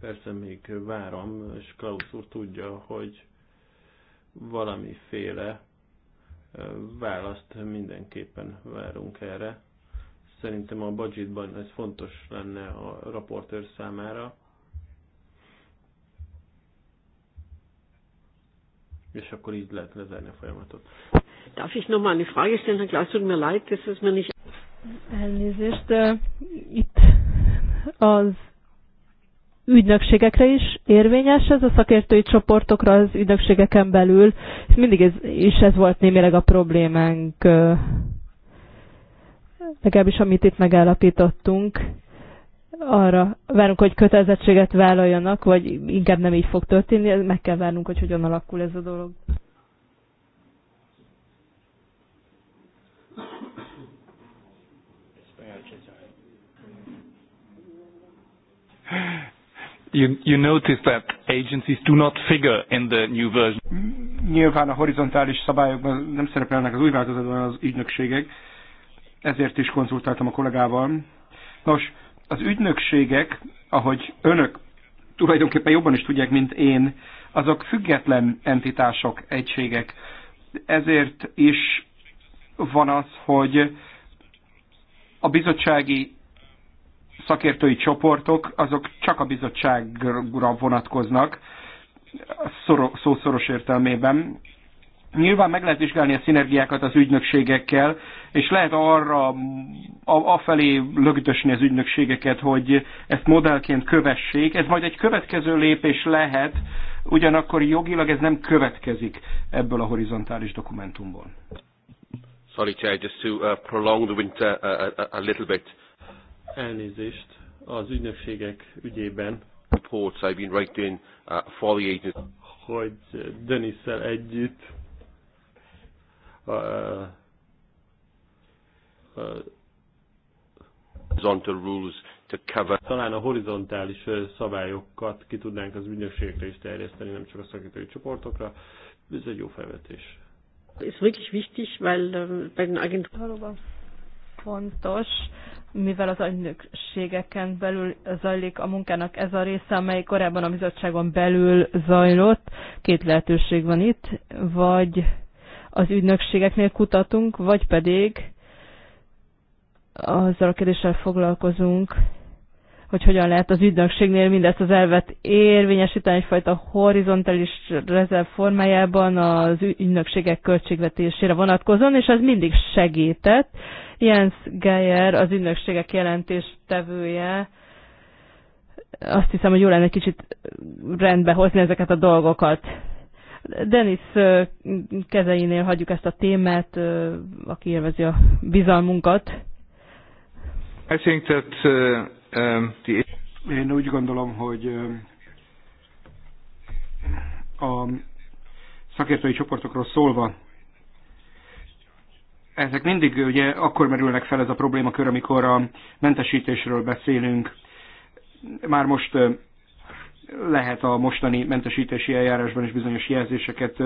Persze még várom, és Klaus úr tudja, hogy valamiféle választ mindenképpen várunk erre. Szerintem a budgetban ez fontos lenne a raportőr számára, és akkor így lehet lezárni a folyamatot. Darf ich nochmal eine Frage stellen, Herr Klaus, tut mir leid, das ist mir nicht... Elnézést, uh, itt az ügynökségekre is érvényes ez a szakértői csoportokra az ügynökségeken belül. Mindig ez, is ez volt némileg a problémánk, uh, legalábbis amit itt megállapítottunk arra várunk, hogy kötelezettséget vállaljanak, vagy inkább nem így fog történni, meg kell várnunk, hogy hogyan alakul ez a dolog. You, you notice that agencies do not figure in the new version. Nyilván a horizontális szabályokban nem szerepelnek az új változatban az ügynökségek, ezért is konzultáltam a kollégával. Nos, az ügynökségek, ahogy önök tulajdonképpen jobban is tudják, mint én, azok független entitások, egységek. Ezért is van az, hogy a bizottsági szakértői csoportok, azok csak a bizottságra vonatkoznak, szó szoros értelmében. Nyilván meg lehet vizsgálni a szinergiákat az ügynökségekkel, és lehet arra a, afelé lögdösni az ügynökségeket, hogy ezt modellként kövessék. Ez majd egy következő lépés lehet, ugyanakkor jogilag ez nem következik ebből a horizontális dokumentumból. Sorry, Chair, just to uh, prolong the winter a, uh, a, uh, uh, a little bit. Elnézést az ügynökségek ügyében. Reports I've been writing uh, for the agency. Hogy Denis-szel együtt horizontal rules to cover. Talán a horizontális szabályokat ki tudnánk az ügynökségre is terjeszteni, nem csak a szakítói csoportokra. Ez egy jó felvetés. Ez wirklich wichtig, weil ähm, bei den Agenturen fontos, mivel az ügynökségeken belül zajlik a munkának ez a része, amely korábban a bizottságon belül zajlott. Két lehetőség van itt, vagy az ügynökségeknél kutatunk, vagy pedig azzal a kérdéssel foglalkozunk, hogy hogyan lehet az ügynökségnél mindezt az elvet érvényesíteni egyfajta horizontális rezerv formájában az ügynökségek költségvetésére vonatkozóan, és ez mindig segített. Jens Geyer, az ügynökségek jelentéstevője, azt hiszem, hogy jó lenne kicsit rendbe hozni ezeket a dolgokat. Denis kezeinél hagyjuk ezt a témát, aki élvezi a bizalmunkat. I think that, uh, um, the... Én úgy gondolom, hogy a szakértői csoportokról szólva, ezek mindig ugye akkor merülnek fel ez a problémakör, amikor a mentesítésről beszélünk. Már most lehet a mostani mentesítési eljárásban is bizonyos jelzéseket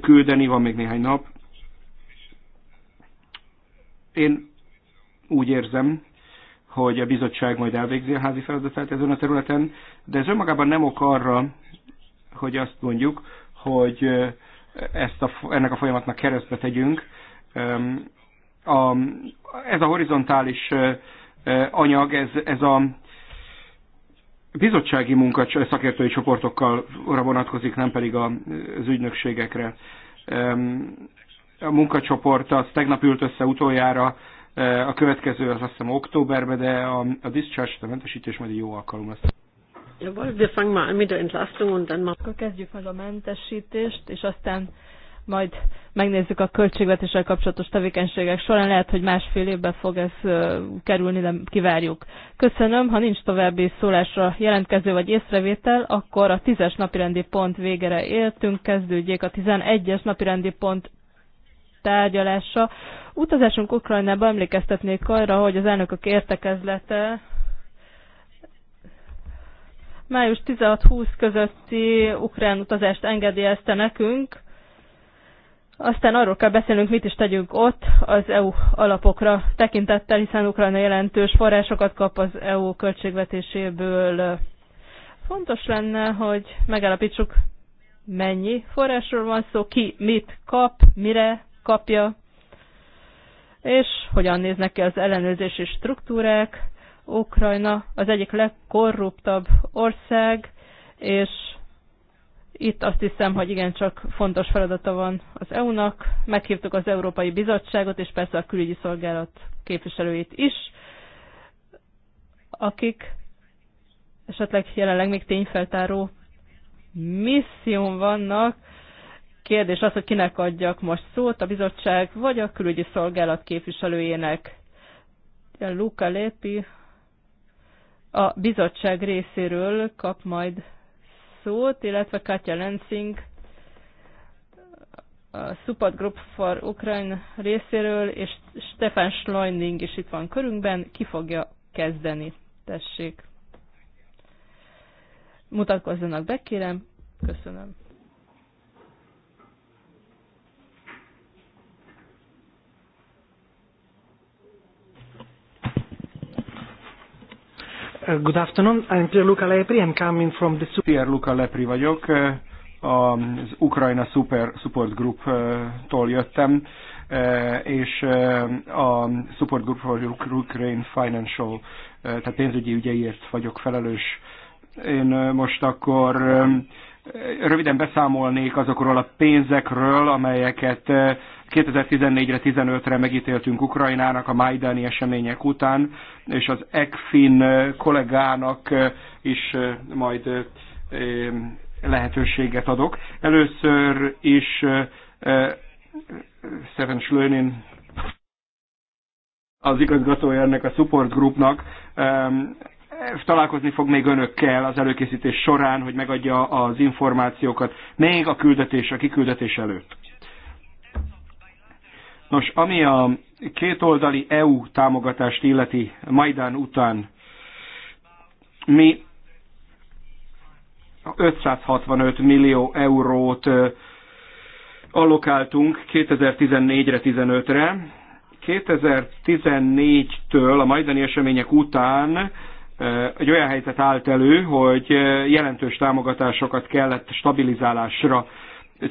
küldeni, van még néhány nap. Én úgy érzem, hogy a bizottság majd elvégzi a házi feladatát ezen a területen, de ez önmagában nem ok arra, hogy azt mondjuk, hogy ezt a, ennek a folyamatnak keresztbe tegyünk. A, ez a horizontális anyag, ez, ez a bizottsági munka szakértői csoportokkal vonatkozik, nem pedig az ügynökségekre. A munkacsoport az tegnap ült össze utoljára, e, a következő az azt hiszem októberben, de a, a discharge, a mentesítés majd egy jó alkalom lesz. Jawohl, wir fangen mal an mit der Entlastung und dann Akkor kezdjük meg a mentesítést, és aztán majd megnézzük a költségvetéssel kapcsolatos tevékenységek során, lehet, hogy másfél évben fog ez kerülni, de kivárjuk. Köszönöm, ha nincs további szólásra jelentkező vagy észrevétel, akkor a tízes napirendi pont végére éltünk, kezdődjék a 11-es napirendi pont tárgyalása. Utazásunk Ukrajnába emlékeztetnék arra, hogy az elnökök értekezlete május 16-20 közötti ukrán utazást engedélyezte nekünk, aztán arról kell beszélnünk, mit is tegyünk ott az EU alapokra tekintettel, hiszen Ukrajna jelentős forrásokat kap az EU költségvetéséből. Fontos lenne, hogy megállapítsuk, mennyi forrásról van szó, ki mit kap, mire kapja, és hogyan néznek ki az ellenőrzési struktúrák. Ukrajna az egyik legkorruptabb ország, és itt azt hiszem, hogy csak fontos feladata van az EU-nak. Meghívtuk az Európai Bizottságot, és persze a külügyi szolgálat képviselőit is, akik esetleg jelenleg még tényfeltáró misszión vannak. Kérdés az, hogy kinek adjak most szót, a bizottság vagy a külügyi szolgálat képviselőjének. Luca Lépi a bizottság részéről kap majd szót, illetve Katja Lenzing a Support Group for Ukraine részéről, és Stefan Schleuning is itt van körünkben, ki fogja kezdeni. Tessék. Mutatkozzanak be, kérem. Köszönöm. Uh, good afternoon, I'm Luca Lepri, I'm coming from the... Luca Lepri vagyok, uh, az Ukrajna Super Support Group-tól uh, jöttem, és a Support Group for Ukraine Financial, tehát pénzügyi ügyeiért vagyok felelős. Én most akkor um, Röviden beszámolnék azokról a pénzekről, amelyeket 2014-re, eh, 15-re megítéltünk Ukrajnának a Majdani események után, és az ECFIN eh, kollégának eh, is majd lehetőséget adok. Először is Seven Schlönin az igazgatója ennek a support groupnak találkozni fog még önökkel az előkészítés során, hogy megadja az információkat még a küldetés, a kiküldetés előtt. Nos, ami a kétoldali EU támogatást illeti Majdán után, mi 565 millió eurót allokáltunk 2014-re, 15-re. 2014-től a majdani események után egy olyan helyzet állt elő, hogy jelentős támogatásokat kellett stabilizálásra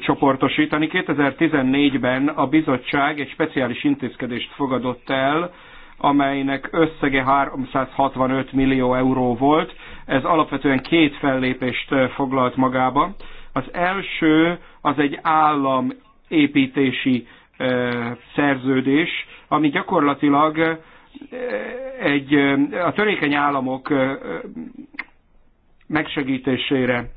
csoportosítani. 2014-ben a bizottság egy speciális intézkedést fogadott el, amelynek összege 365 millió euró volt. Ez alapvetően két fellépést foglalt magába. Az első az egy államépítési szerződés, ami gyakorlatilag egy, a törékeny államok megsegítésére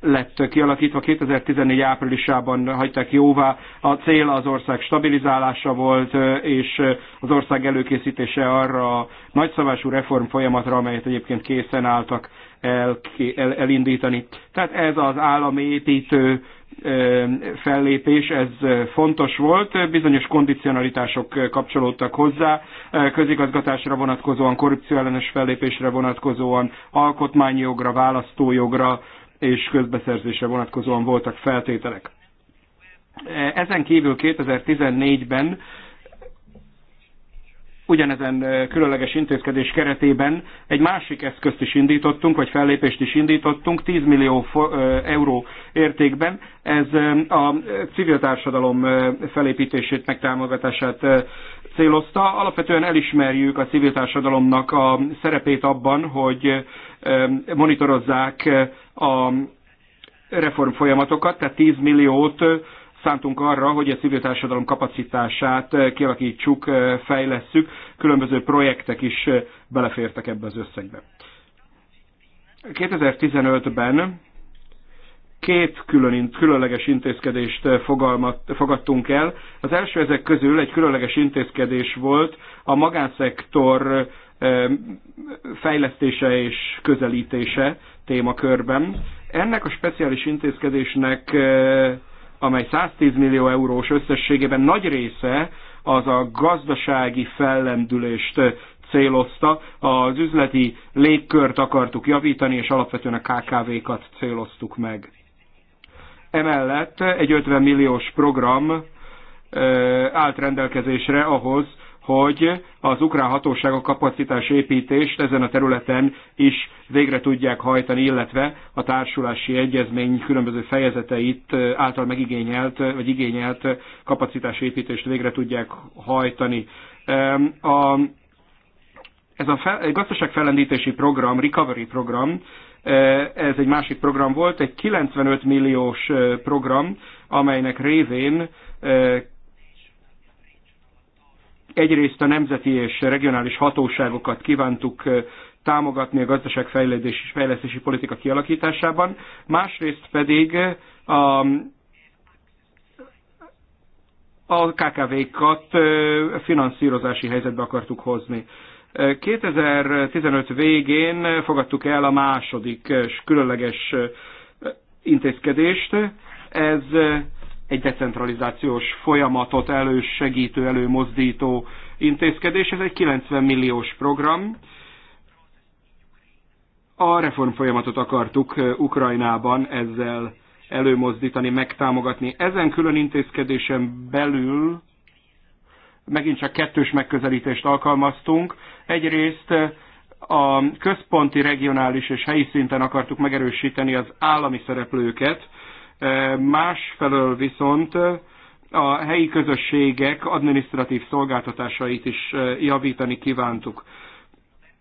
lett kialakítva 2014 áprilisában hagyták jóvá. A cél az ország stabilizálása volt, és az ország előkészítése arra a nagyszabású reform folyamatra, amelyet egyébként készen álltak el, el, elindítani. Tehát ez az államépítő fellépés, ez fontos volt. Bizonyos kondicionalitások kapcsolódtak hozzá, közigazgatásra vonatkozóan, korrupcióellenes fellépésre vonatkozóan, alkotmányjogra, választójogra és közbeszerzésre vonatkozóan voltak feltételek. Ezen kívül 2014-ben ugyanezen különleges intézkedés keretében egy másik eszközt is indítottunk, vagy fellépést is indítottunk, 10 millió euró értékben. Ez a civil társadalom felépítését, megtámogatását célozta. Alapvetően elismerjük a civil társadalomnak a szerepét abban, hogy monitorozzák a reformfolyamatokat, tehát 10 milliót szántunk arra, hogy a civil társadalom kapacitását kialakítsuk, fejlesszük. Különböző projektek is belefértek ebbe az összegbe. 2015-ben két külön, különleges intézkedést fogalmat, fogadtunk el. Az első ezek közül egy különleges intézkedés volt a magánszektor fejlesztése és közelítése témakörben. Ennek a speciális intézkedésnek amely 110 millió eurós összességében nagy része az a gazdasági fellendülést célozta, az üzleti légkört akartuk javítani, és alapvetően a KKV-kat céloztuk meg. Emellett egy 50 milliós program állt rendelkezésre ahhoz, hogy az ukrán hatóságok kapacitás építést ezen a területen is végre tudják hajtani, illetve a társulási egyezmény különböző fejezeteit által megigényelt, vagy igényelt kapacitásépítést végre tudják hajtani. A, ez a fel, gazdaságfellendítési program, recovery program, ez egy másik program volt, egy 95 milliós program, amelynek révén Egyrészt a nemzeti és regionális hatóságokat kívántuk támogatni a gazdaságfejlődés és fejlesztési politika kialakításában, másrészt pedig a a KKV-kat finanszírozási helyzetbe akartuk hozni. 2015 végén fogadtuk el a második különleges intézkedést. Ez egy decentralizációs folyamatot elősegítő, előmozdító intézkedés. Ez egy 90 milliós program. A reformfolyamatot akartuk Ukrajnában ezzel előmozdítani, megtámogatni. Ezen külön intézkedésen belül megint csak kettős megközelítést alkalmaztunk. Egyrészt a központi, regionális és helyi szinten akartuk megerősíteni az állami szereplőket, Másfelől viszont a helyi közösségek adminisztratív szolgáltatásait is javítani kívántuk.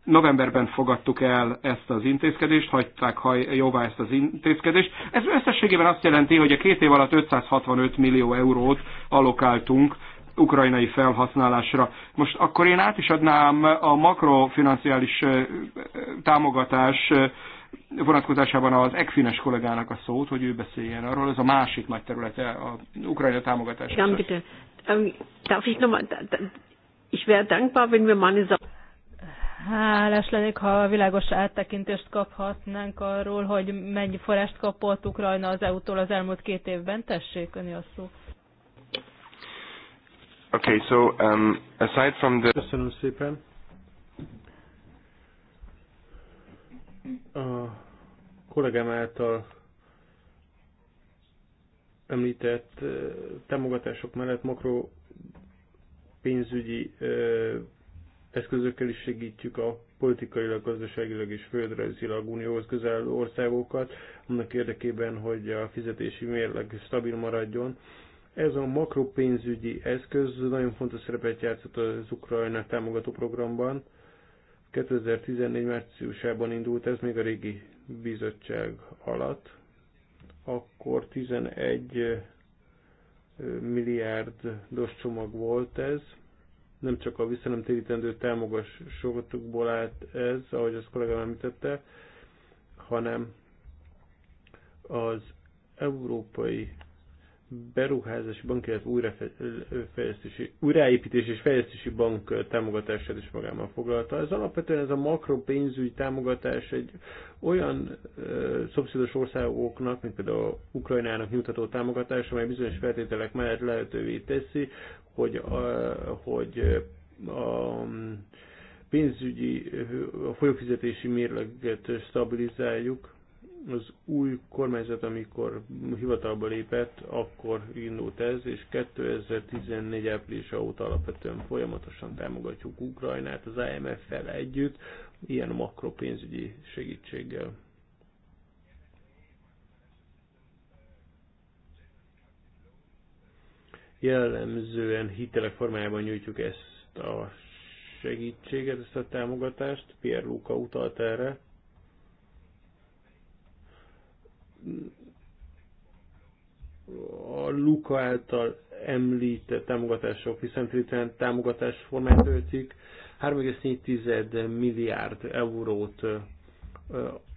Novemberben fogadtuk el ezt az intézkedést, hagyták jóvá ezt az intézkedést. Ez összességében azt jelenti, hogy a két év alatt 565 millió eurót alokáltunk ukrajnai felhasználásra. Most akkor én át is adnám a makrofinanciális támogatás vonatkozásában az ekfines kollégának a szót, hogy ő beszéljen arról, ez a másik nagy területe a Ukrajna támogatása. Ja, bitte. Ähm, darf ich ich wäre dankbar, wenn wir meine Hálás lennék, ha világos áttekintést kaphatnánk arról, hogy mennyi forrást kapott Ukrajna az EU-tól az elmúlt két évben. Tessék, öni a szó. Okay, so um, aside from the... Köszönöm szépen. A kollégám által említett támogatások mellett makro pénzügyi eszközökkel is segítjük a politikailag, gazdaságilag és földrajzilag unióhoz közel országokat, annak érdekében, hogy a fizetési mérleg stabil maradjon. Ez a makropénzügyi eszköz nagyon fontos szerepet játszott az Ukrajna támogató programban. 2014 márciusában indult ez még a régi bizottság alatt, akkor 11 dos csomag volt ez, nem csak a visszanemtérítendő támogatásokból állt ez, ahogy az kollégám említette, hanem az európai beruházási bank, illetve újraépítés és fejlesztési bank támogatását is magában foglalta. Ez alapvetően ez a makro pénzügyi támogatás egy olyan ö, szomszédos országoknak, mint például Ukrajnának nyújtató támogatás, amely bizonyos feltételek mellett lehetővé teszi, hogy, a, hogy a pénzügyi, a folyófizetési mérleget stabilizáljuk, az új kormányzat, amikor hivatalba lépett, akkor indult ez, és 2014 áprilisa óta alapvetően folyamatosan támogatjuk Ukrajnát az IMF-fel együtt, ilyen makropénzügyi segítséggel. Jellemzően hitelek formájában nyújtjuk ezt a segítséget, ezt a támogatást, Pierre Luca utalt erre, a Luka által említett támogatások, hiszen Tritán támogatás formáját öltik, 3,4 milliárd eurót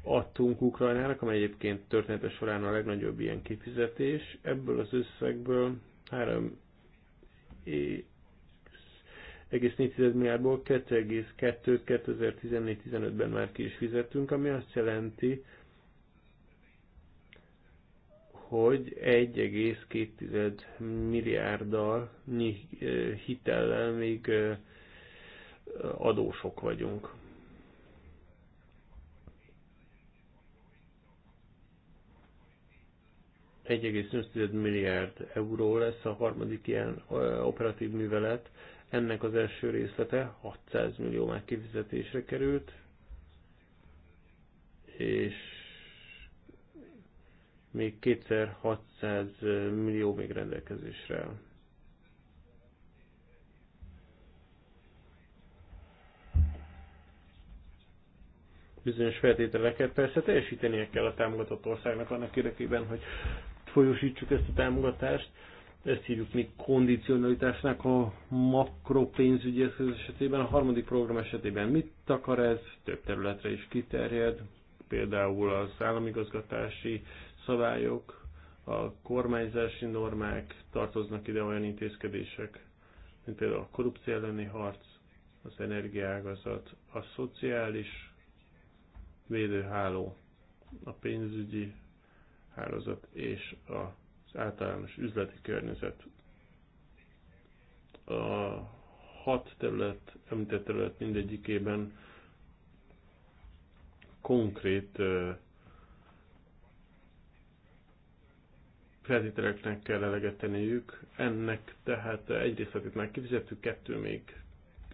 adtunk Ukrajnának, amely egyébként története során a legnagyobb ilyen kifizetés. Ebből az összegből 3,4 milliárdból 2,2-t 2014-15-ben már ki is fizettünk, ami azt jelenti, hogy 1,2 milliárddal hitellel még adósok vagyunk. milliárd euró lesz a harmadik ilyen operatív művelet. Ennek az első részlete 600 millió megkifizetésre került, és még kétszer 600 millió még rendelkezésre Bizonyos feltételeket persze teljesítenie kell a támogatott országnak annak érdekében, hogy folyosítsuk ezt a támogatást. Ezt hívjuk még kondicionalitásnak a makropénzügyi eszköz esetében, a harmadik program esetében mit akar ez? Több területre is kiterjed, például az államigazgatási szabályok, a kormányzási normák, tartoznak ide olyan intézkedések, mint például a korrupció elleni harc, az energiágazat, a szociális védőháló, a pénzügyi hálózat és az általános üzleti környezet. A hat terület, említett terület mindegyikében konkrét feltételeknek kell eleget tenniük. Ennek tehát egy részletét már kifizettük, kettő még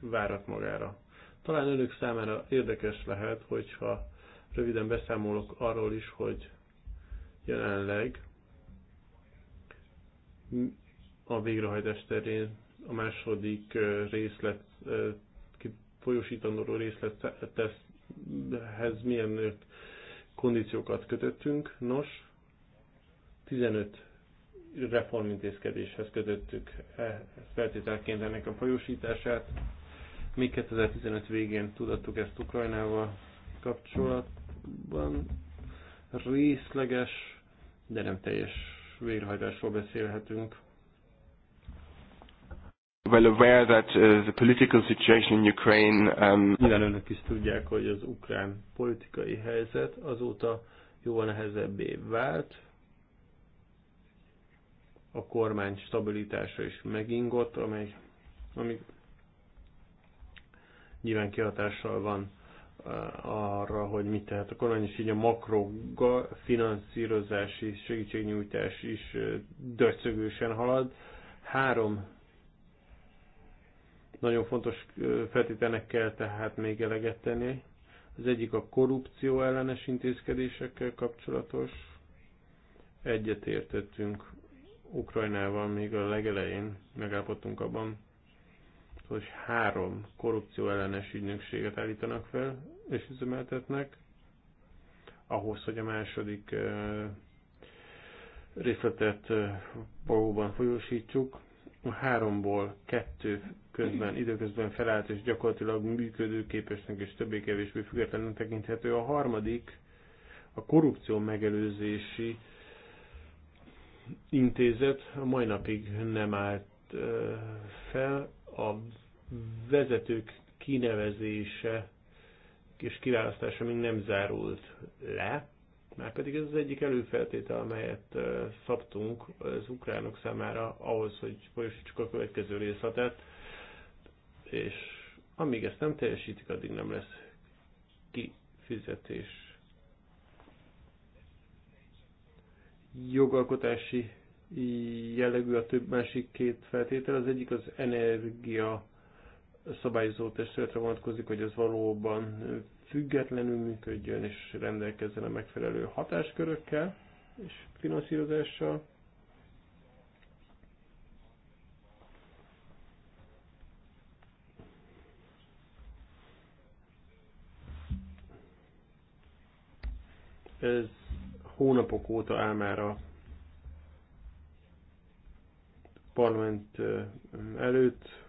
várat magára. Talán önök számára érdekes lehet, hogyha röviden beszámolok arról is, hogy jelenleg a végrehajtás terén a második részlet, folyósítandó részlethez milyen kondíciókat kötöttünk. Nos, 15 reformintézkedéshez kötöttük e feltételként ennek a folyósítását. Mi 2015 végén tudattuk ezt Ukrajnával kapcsolatban. Részleges, de nem teljes végrehajtásról beszélhetünk. Well aware that uh, the political situation in Ukraine. Um... Nyilván önök is tudják, hogy az ukrán politikai helyzet azóta jóval nehezebbé vált, a kormány stabilitása is megingott, amely, ami nyilván kihatással van eh, arra, hogy mit tehet a kormány, és így a makrofinanszírozás finanszírozási segítségnyújtás is eh, döcögősen halad. Három nagyon fontos eh, feltételnek kell tehát még eleget tenni. Az egyik a korrupció ellenes intézkedésekkel kapcsolatos. Egyetértettünk Ukrajnával még a legelején megállapodtunk abban, hogy három korrupció ellenes ügynökséget állítanak fel és üzemeltetnek, ahhoz, hogy a második részletet valóban folyósítsuk. A háromból kettő közben, időközben felállt és gyakorlatilag működőképesnek és többé-kevésbé függetlenül tekinthető. A harmadik a korrupció megelőzési intézet a mai napig nem állt fel. A vezetők kinevezése és kiválasztása még nem zárult le, már pedig ez az egyik előfeltétel, amelyet szabtunk az ukránok számára ahhoz, hogy folyosítsuk a következő részletet, és amíg ezt nem teljesítik, addig nem lesz kifizetés. jogalkotási jellegű a több másik két feltétel. Az egyik az energia szabályozó testületre vonatkozik, hogy ez valóban függetlenül működjön és rendelkezzen a megfelelő hatáskörökkel és finanszírozással. Ez hónapok óta áll már a parlament előtt.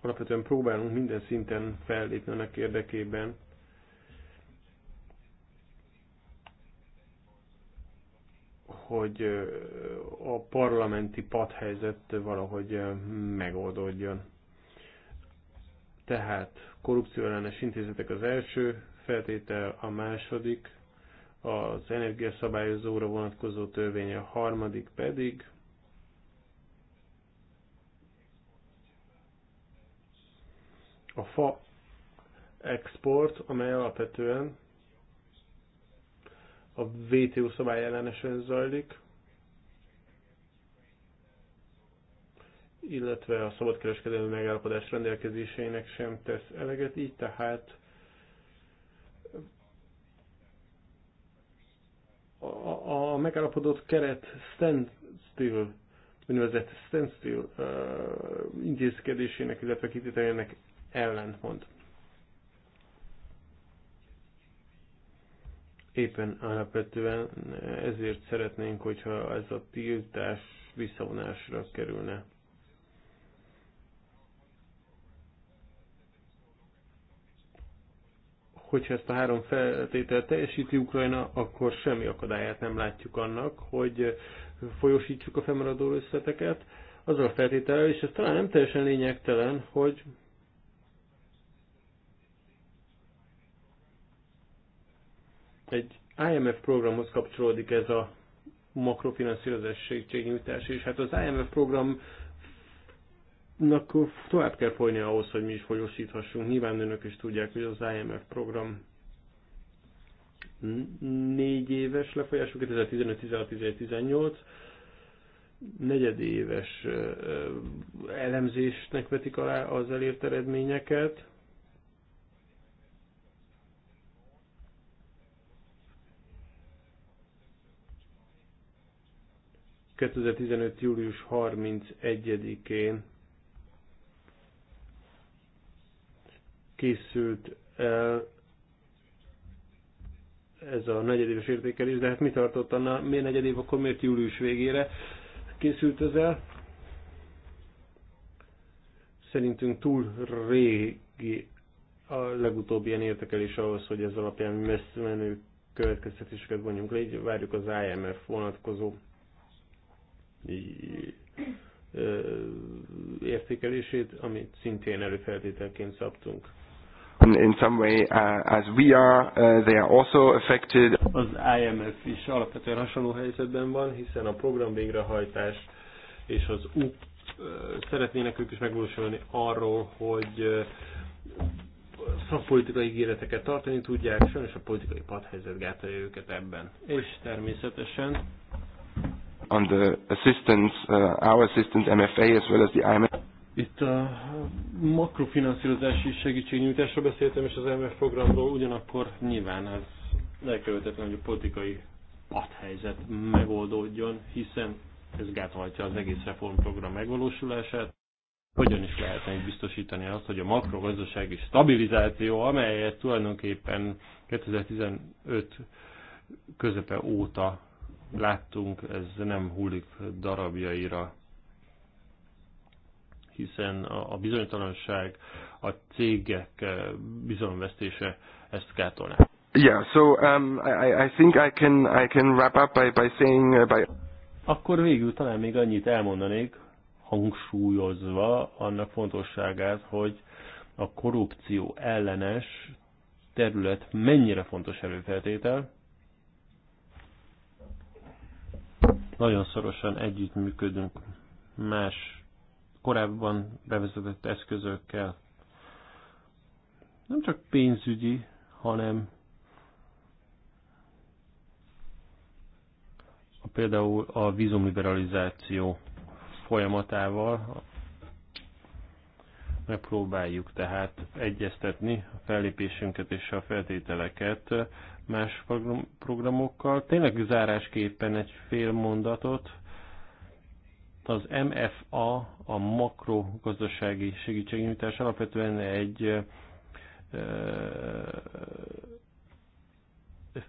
Alapvetően próbálunk minden szinten fellépni ennek érdekében, hogy a parlamenti padhelyzet valahogy megoldódjon. Tehát korrupcióellenes intézetek az első feltétel, a második, az energiaszabályozóra vonatkozó törvény, a harmadik pedig a fa export, amely alapvetően a WTO szabály ellenesen zajlik, illetve a szabadkereskedelmi megállapodás rendelkezéseinek sem tesz eleget, így tehát a, a megállapodott keret standstill, úgynevezett standstill uh, intézkedésének, illetve kitételének ellentmond. Éppen alapvetően ezért szeretnénk, hogyha ez a tiltás visszavonásra kerülne. hogyha ezt a három feltételt teljesíti Ukrajna, akkor semmi akadályát nem látjuk annak, hogy folyosítsuk a fennmaradó összeteket. Azzal a feltétel, és ez talán nem teljesen lényegtelen, hogy egy IMF programhoz kapcsolódik ez a makrofinanszírozás segítségnyújtás, és hát az IMF program tovább kell folyni ahhoz, hogy mi is folyosíthassunk. Nyilván önök is tudják, hogy az IMF program négy éves lefolyású, 2015, 16, 17, 18, negyedéves elemzésnek vetik alá az elért eredményeket. ...2015. július 31-én készült el ez a negyedéves értékelés, de hát mi tartott annál, miért negyedév, akkor miért július végére készült ez el? Szerintünk túl régi a legutóbbi ilyen értékelés ahhoz, hogy ez alapján messze menő következtetéseket vonjunk le, így várjuk az IMF vonatkozó értékelését, amit szintén előfeltételként szabtunk in, in some way uh, as we are, uh, they are also affected. Az IMF is alapvetően hasonló helyzetben van, hiszen a program végrehajtás és az U uh, szeretnének ők is megvalósulni arról, hogy uh, szakpolitikai ígéreteket tartani tudják, sajnos a politikai padhelyzet gátolja őket ebben. És természetesen on the assistance, uh, our assistance MFA as well as the IMF. Itt a makrofinanszírozási segítségnyújtásról beszéltem, és az MF programról ugyanakkor nyilván ez elkerülhetetlen, hogy a politikai adhelyzet megoldódjon, hiszen ez gátolhatja az egész reformprogram megvalósulását. Hogyan is lehetne így biztosítani azt, hogy a makrogazdasági stabilizáció, amelyet tulajdonképpen 2015 közepe óta láttunk, ez nem hullik darabjaira hiszen a bizonytalanság, a cégek eh, bizalomvesztése ezt gátolná. Yeah, so um, I, I think I can, I can wrap up by, by saying... Uh, by... Akkor végül talán még annyit elmondanék, hangsúlyozva annak fontosságát, hogy a korrupció ellenes terület mennyire fontos előfeltétel. Nagyon szorosan együttműködünk más korábban bevezetett eszközökkel. Nem csak pénzügyi, hanem a, például a vízumliberalizáció folyamatával megpróbáljuk tehát egyeztetni a fellépésünket és a feltételeket más programokkal. Tényleg zárásképpen egy fél mondatot az MFA, a makrogazdasági segítségnyújtás alapvetően egy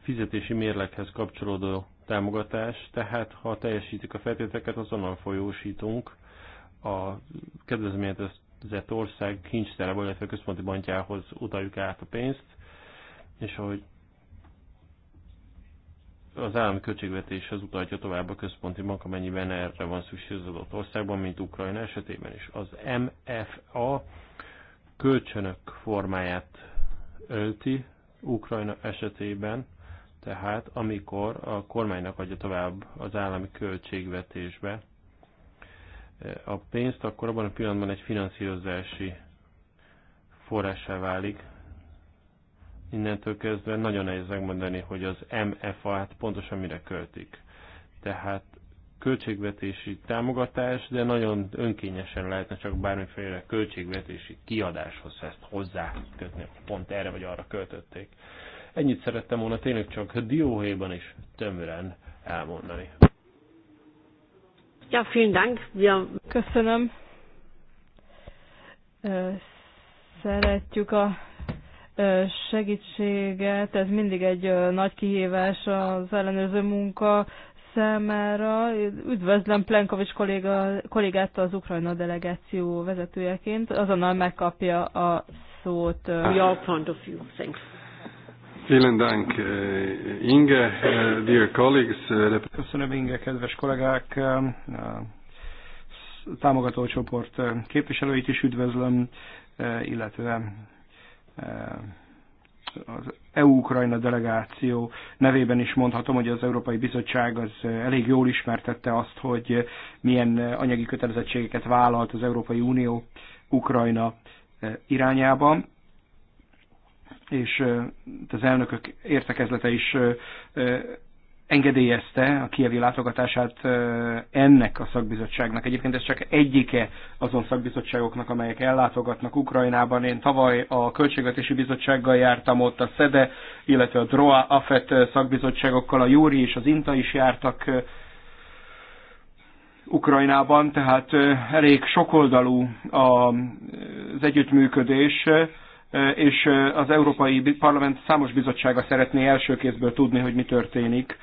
fizetési mérleghez kapcsolódó támogatás, tehát ha teljesítik a feltételeket, azonnal folyósítunk a kedvezményezett ország kincstárába, illetve központi bankjához utaljuk át a pénzt, és ahogy az állami költségvetés az utalja tovább a központi bank, amennyiben erre van szükség az adott országban, mint Ukrajna esetében is. Az MFA kölcsönök formáját ölti Ukrajna esetében, tehát amikor a kormánynak adja tovább az állami költségvetésbe a pénzt, akkor abban a pillanatban egy finanszírozási forrássá válik innentől kezdve nagyon nehéz megmondani, hogy az MFA-t hát pontosan mire költik. Tehát költségvetési támogatás, de nagyon önkényesen lehetne csak bármiféle költségvetési kiadáshoz ezt hozzá kötni, pont erre vagy arra költötték. Ennyit szerettem volna tényleg csak dióhéjban is tömören elmondani. Ja, vielen Dank. Ja. Köszönöm. Szeretjük a segítséget. Ez mindig egy nagy kihívás az ellenőrző munka számára. Üdvözlöm Plenkovics kolléga, kollégát az Ukrajna delegáció vezetőjeként. Azonnal megkapja a szót. We all fond of you. Thanks. Vielen Dank, äh, Inge, äh, dear colleagues. Äh, Köszönöm, Inge, kedves kollégák, támogatócsoport képviselőit is üdvözlöm, illetve az EU-Ukrajna delegáció nevében is mondhatom, hogy az Európai Bizottság az elég jól ismertette azt, hogy milyen anyagi kötelezettségeket vállalt az Európai Unió Ukrajna e, irányában és e, az elnökök értekezlete is e, engedélyezte a kievi látogatását ennek a szakbizottságnak. Egyébként ez csak egyike azon szakbizottságoknak, amelyek ellátogatnak Ukrajnában. Én tavaly a Költségvetési Bizottsággal jártam ott, a SZEDE, illetve a DROA, AFET szakbizottságokkal, a Júri és az INTA is jártak Ukrajnában, tehát elég sokoldalú az együttműködés és az Európai Parlament számos bizottsága szeretné első kézből tudni, hogy mi történik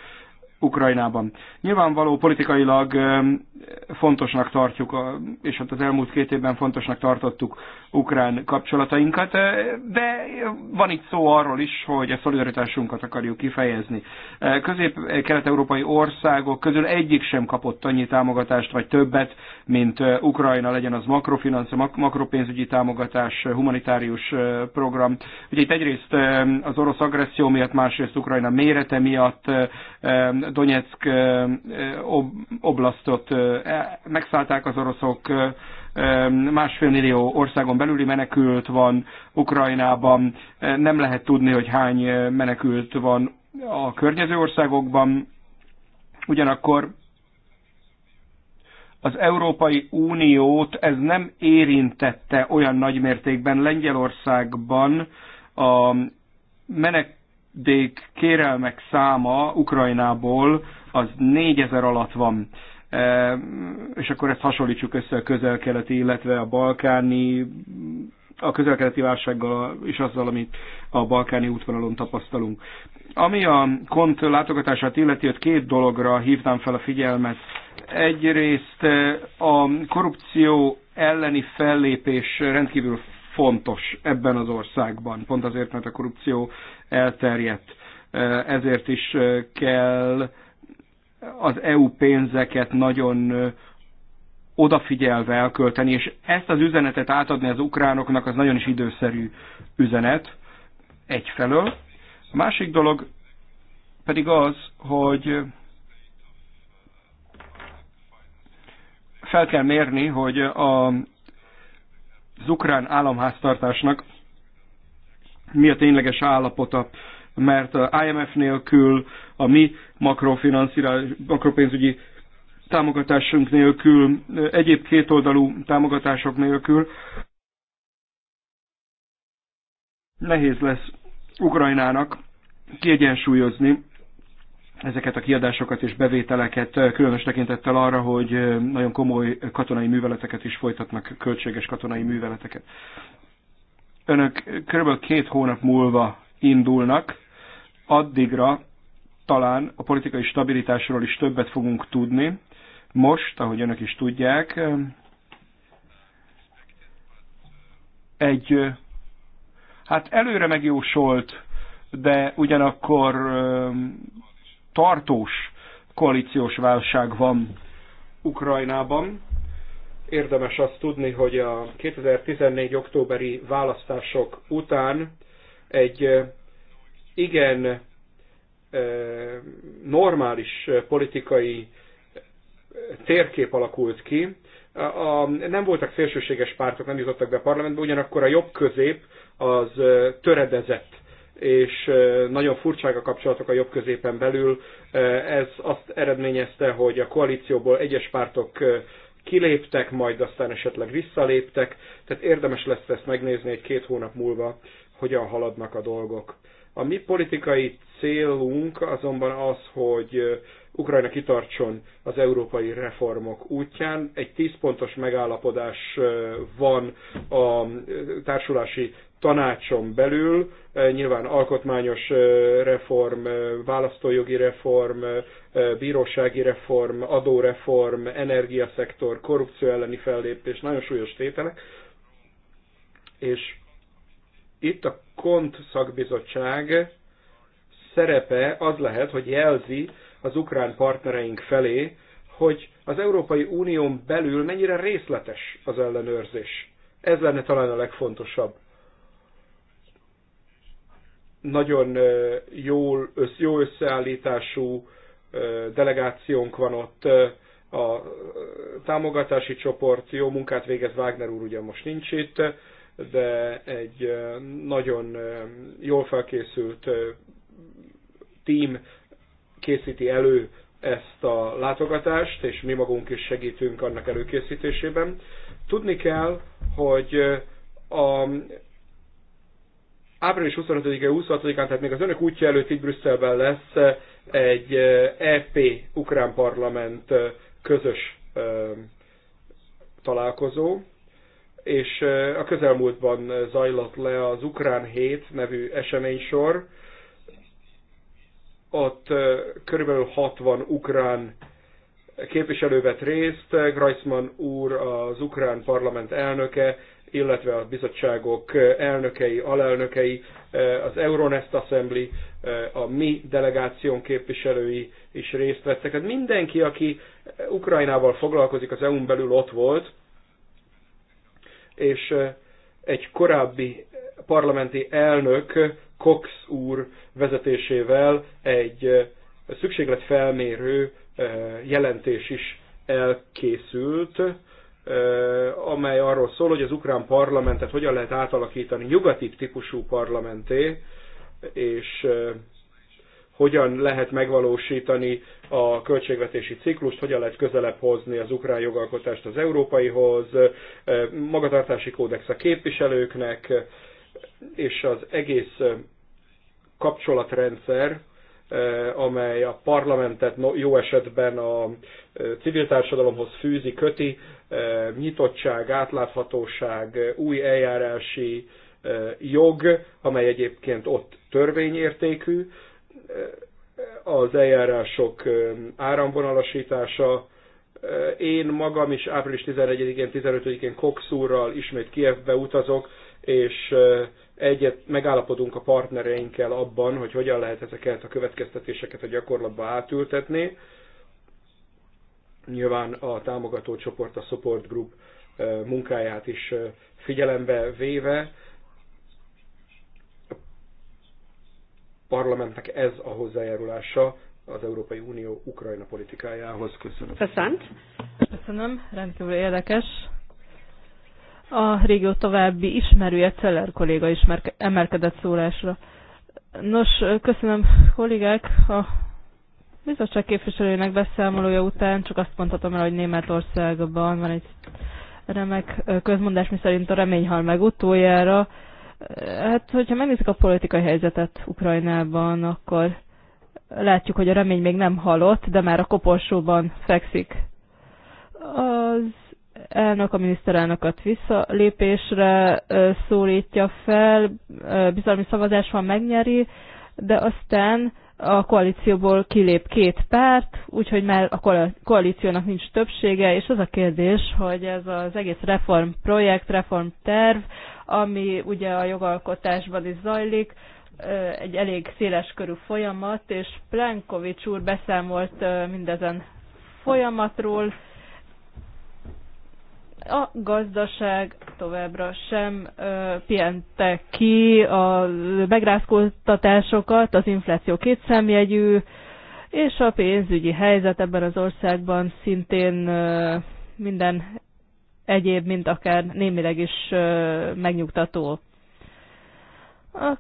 Ukrajnában. Nyilvánvaló politikailag fontosnak tartjuk, a, és hát az elmúlt két évben fontosnak tartottuk ukrán kapcsolatainkat, de van itt szó arról is, hogy a szolidaritásunkat akarjuk kifejezni. Közép-kelet-európai országok közül egyik sem kapott annyi támogatást, vagy többet, mint Ukrajna, legyen az makrofinansz, makropénzügyi támogatás, humanitárius program. Ugye itt egyrészt az orosz agresszió miatt, másrészt Ukrajna mérete miatt Donetsk oblasztot E, megszállták az oroszok, másfél millió országon belüli menekült van Ukrajnában, nem lehet tudni, hogy hány menekült van a környező országokban, ugyanakkor az Európai Uniót ez nem érintette olyan nagymértékben Lengyelországban a menekdék kérelmek száma Ukrajnából az 4000 alatt van és akkor ezt hasonlítsuk össze a közel-keleti, illetve a balkáni, a közel-keleti válsággal és azzal, amit a balkáni útvonalon tapasztalunk. Ami a kont látogatását illeti, ott két dologra hívtam fel a figyelmet. Egyrészt a korrupció elleni fellépés rendkívül fontos ebben az országban, pont azért, mert a korrupció elterjedt. Ezért is kell az EU pénzeket nagyon odafigyelve elkölteni, és ezt az üzenetet átadni az ukránoknak, az nagyon is időszerű üzenet egyfelől. A másik dolog pedig az, hogy fel kell mérni, hogy a, az ukrán államháztartásnak mi a tényleges állapota, mert a IMF nélkül, a mi makropénzügyi támogatásunk nélkül, egyéb kétoldalú támogatások nélkül nehéz lesz Ukrajnának kiegyensúlyozni ezeket a kiadásokat és bevételeket, különös tekintettel arra, hogy nagyon komoly katonai műveleteket is folytatnak, költséges katonai műveleteket. Önök kb. két hónap múlva indulnak, addigra talán a politikai stabilitásról is többet fogunk tudni. Most, ahogy önök is tudják, egy hát előre megjósolt, de ugyanakkor tartós koalíciós válság van Ukrajnában. Érdemes azt tudni, hogy a 2014. októberi választások után egy igen normális politikai térkép alakult ki. A, nem voltak szélsőséges pártok, nem jutottak be a parlamentbe, ugyanakkor a jobb közép az töredezett és nagyon furcsák a kapcsolatok a jobb középen belül. Ez azt eredményezte, hogy a koalícióból egyes pártok kiléptek, majd aztán esetleg visszaléptek, tehát érdemes lesz ezt megnézni egy két hónap múlva, hogyan haladnak a dolgok. A mi politikai célunk azonban az, hogy Ukrajna kitartson az európai reformok útján. Egy tíz pontos megállapodás van a társulási tanácson belül, nyilván alkotmányos reform, választójogi reform, bírósági reform, adóreform, energiaszektor, korrupció elleni fellépés, nagyon súlyos tételek. És itt a KONT szakbizottság szerepe az lehet, hogy jelzi az ukrán partnereink felé, hogy az Európai Unión belül mennyire részletes az ellenőrzés. Ez lenne talán a legfontosabb. Nagyon jól, össz, jó összeállítású delegációnk van ott, a támogatási csoport jó munkát végez, Wagner úr ugye most nincs itt, de egy nagyon jól felkészült tím készíti elő ezt a látogatást, és mi magunk is segítünk annak előkészítésében. Tudni kell, hogy a április 25-e, 26-án, tehát még az önök útja előtt itt Brüsszelben lesz egy EP ukrán parlament közös találkozó, és a közelmúltban zajlott le az Ukrán hét nevű eseménysor. Ott körülbelül 60 ukrán képviselő vett részt, Greisman úr az ukrán parlament elnöke, illetve a bizottságok elnökei, alelnökei, az Euronest Assembly, a mi delegáción képviselői is részt vettek. Hát mindenki, aki Ukrajnával foglalkozik, az EU-n belül ott volt, és egy korábbi parlamenti elnök Cox úr vezetésével egy szükségletfelmérő jelentés is elkészült, amely arról szól, hogy az ukrán parlamentet hogyan lehet átalakítani nyugati típusú parlamenté, és hogyan lehet megvalósítani a költségvetési ciklust, hogyan lehet közelebb hozni az ukrán jogalkotást az európaihoz, magatartási kódex a képviselőknek, és az egész kapcsolatrendszer, amely a parlamentet jó esetben a civil társadalomhoz fűzi, köti, nyitottság, átláthatóság, új eljárási jog, amely egyébként ott törvényértékű, az eljárások um, áramvonalasítása. Uh, én magam is április 11-én, 15-én Cox úrral ismét Kievbe utazok, és uh, egyet megállapodunk a partnereinkkel abban, hogy hogyan lehet ezeket a következtetéseket a gyakorlatba átültetni. Nyilván a támogató csoport, a support group uh, munkáját is figyelembe véve, parlamentnek ez a hozzájárulása az Európai Unió Ukrajna politikájához. Köszönöm. Köszönt. Köszönöm, rendkívül érdekes. A régió további ismerője Celler kolléga ismerke, emelkedett szólásra. Nos, köszönöm kollégák, a bizottság képviselőjének beszámolója után csak azt mondhatom el, hogy Németországban van egy remek közmondás, miszerint a remény hal meg utoljára. Hát, hogyha megnézzük a politikai helyzetet Ukrajnában, akkor látjuk, hogy a remény még nem halott, de már a koporsóban fekszik. Az elnök a miniszterelnököt visszalépésre szólítja fel, bizalmi szavazás van, megnyeri, de aztán a koalícióból kilép két párt, úgyhogy már a koalíciónak nincs többsége, és az a kérdés, hogy ez az egész reformprojekt, reformterv ami ugye a jogalkotásban is zajlik, egy elég széles körű folyamat, és Plenkovics úr beszámolt mindezen folyamatról. A gazdaság továbbra sem piente ki a megrázkódtatásokat, az infláció kétszámjegyű, és a pénzügyi helyzet ebben az országban szintén minden egyéb, mint akár némileg is megnyugtató. A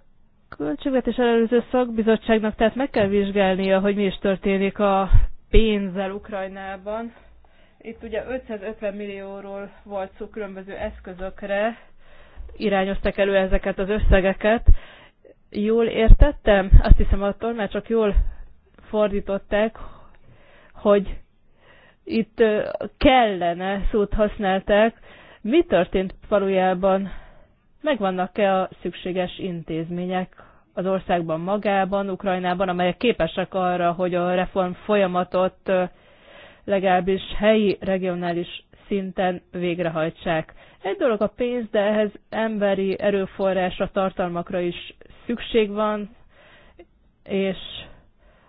Költségvetés előző szakbizottságnak tehát meg kell vizsgálnia, hogy mi is történik a pénzzel Ukrajnában. Itt ugye 550 millióról volt szó különböző eszközökre, irányoztak elő ezeket az összegeket. Jól értettem? Azt hiszem attól, mert csak jól fordították, hogy itt kellene szót használták. Mi történt valójában? Megvannak-e a szükséges intézmények az országban magában, Ukrajnában, amelyek képesek arra, hogy a reform folyamatot legalábbis helyi, regionális szinten végrehajtsák. Egy dolog a pénz, de ehhez emberi erőforrásra, tartalmakra is szükség van, és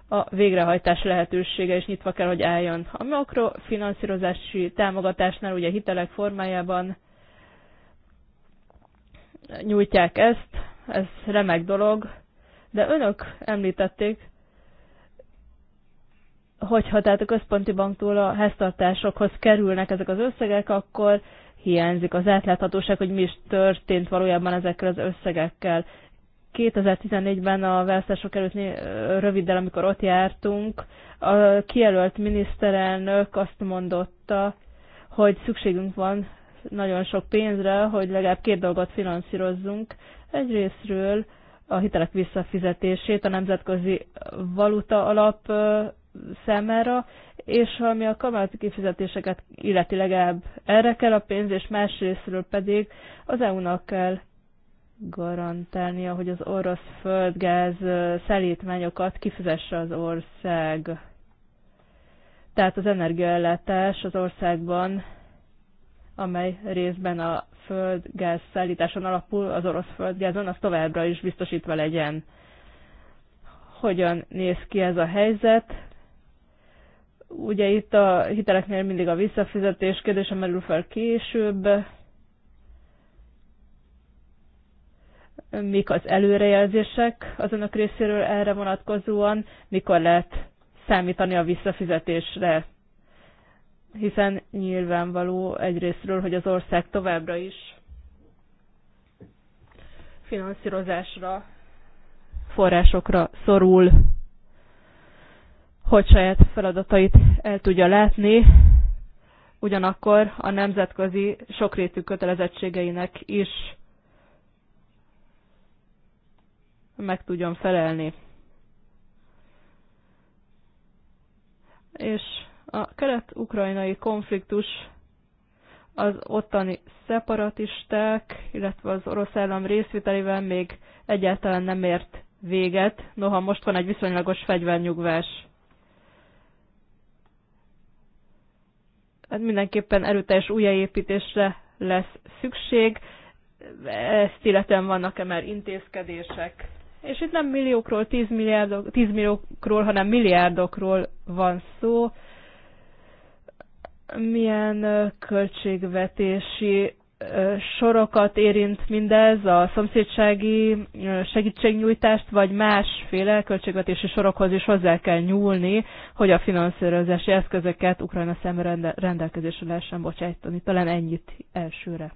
a végrehajtás lehetősége is nyitva kell, hogy álljon. A makrofinanszírozási támogatásnál ugye hitelek formájában nyújtják ezt, ez remek dolog, de önök említették, hogyha tehát a központi banktól a háztartásokhoz kerülnek ezek az összegek, akkor hiányzik az átláthatóság, hogy mi is történt valójában ezekkel az összegekkel. 2014-ben a választások előtt röviddel, amikor ott jártunk, a kijelölt miniszterelnök azt mondotta, hogy szükségünk van nagyon sok pénzre, hogy legalább két dolgot finanszírozzunk. Egyrésztről a hitelek visszafizetését a Nemzetközi Valuta Alap számára, és ami a kamat kifizetéseket illeti legalább erre kell a pénz, és másrésztről pedig az EU-nak kell garantálnia, hogy az orosz földgáz szelítmányokat kifizesse az ország. Tehát az energiaellátás az országban, amely részben a földgáz szállításon alapul, az orosz földgázon, az továbbra is biztosítva legyen. Hogyan néz ki ez a helyzet? Ugye itt a hiteleknél mindig a visszafizetés kérdése merül fel később, mik az előrejelzések az önök részéről erre vonatkozóan, mikor lehet számítani a visszafizetésre, hiszen nyilvánvaló egyrésztről, hogy az ország továbbra is finanszírozásra, forrásokra szorul, hogy saját feladatait el tudja látni, ugyanakkor a nemzetközi sokrétű kötelezettségeinek is meg tudjam felelni. És a kelet-ukrajnai konfliktus az ottani szeparatisták, illetve az orosz állam részvételével még egyáltalán nem ért véget, noha most van egy viszonylagos fegyvernyugvás. Hát mindenképpen erőteljes újjáépítésre lesz szükség, ezt illetően vannak-e már intézkedések. És itt nem milliókról, tízmilliárdok, tízmilliókról, hanem milliárdokról van szó. Milyen költségvetési sorokat érint mindez, a szomszédsági segítségnyújtást, vagy másféle költségvetési sorokhoz is hozzá kell nyúlni, hogy a finanszírozási eszközöket Ukrajna szemben rendelkezésre lehessen bocsájtani. Talán ennyit elsőre.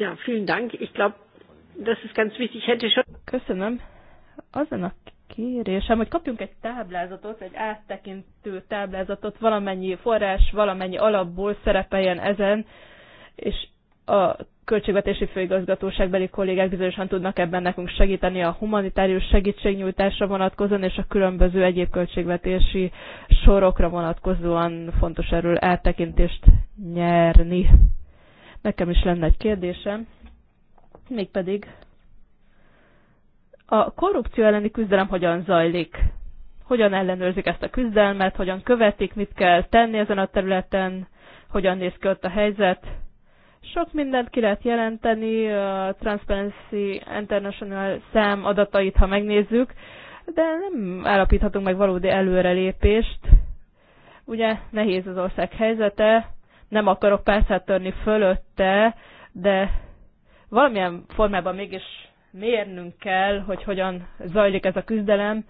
Ja, vielen Dank. Ich glaube, das ist ganz wichtig. Ich hätte schon... Köszönöm. Az a kérésem, hogy kapjunk egy táblázatot, egy áttekintő táblázatot, valamennyi forrás, valamennyi alapból szerepeljen ezen, és a költségvetési főigazgatóságbeli kollégák bizonyosan tudnak ebben nekünk segíteni a humanitárius segítségnyújtásra vonatkozóan és a különböző egyéb költségvetési sorokra vonatkozóan fontos erről áttekintést nyerni. Nekem is lenne egy kérdésem, mégpedig a korrupció elleni küzdelem hogyan zajlik? Hogyan ellenőrzik ezt a küzdelmet, hogyan követik, mit kell tenni ezen a területen, hogyan néz ki ott a helyzet? Sok mindent ki lehet jelenteni, a Transparency International szám adatait, ha megnézzük, de nem állapíthatunk meg valódi előrelépést. Ugye nehéz az ország helyzete, nem akarok percet törni fölötte, de valamilyen formában mégis mérnünk kell, hogy hogyan zajlik ez a küzdelem,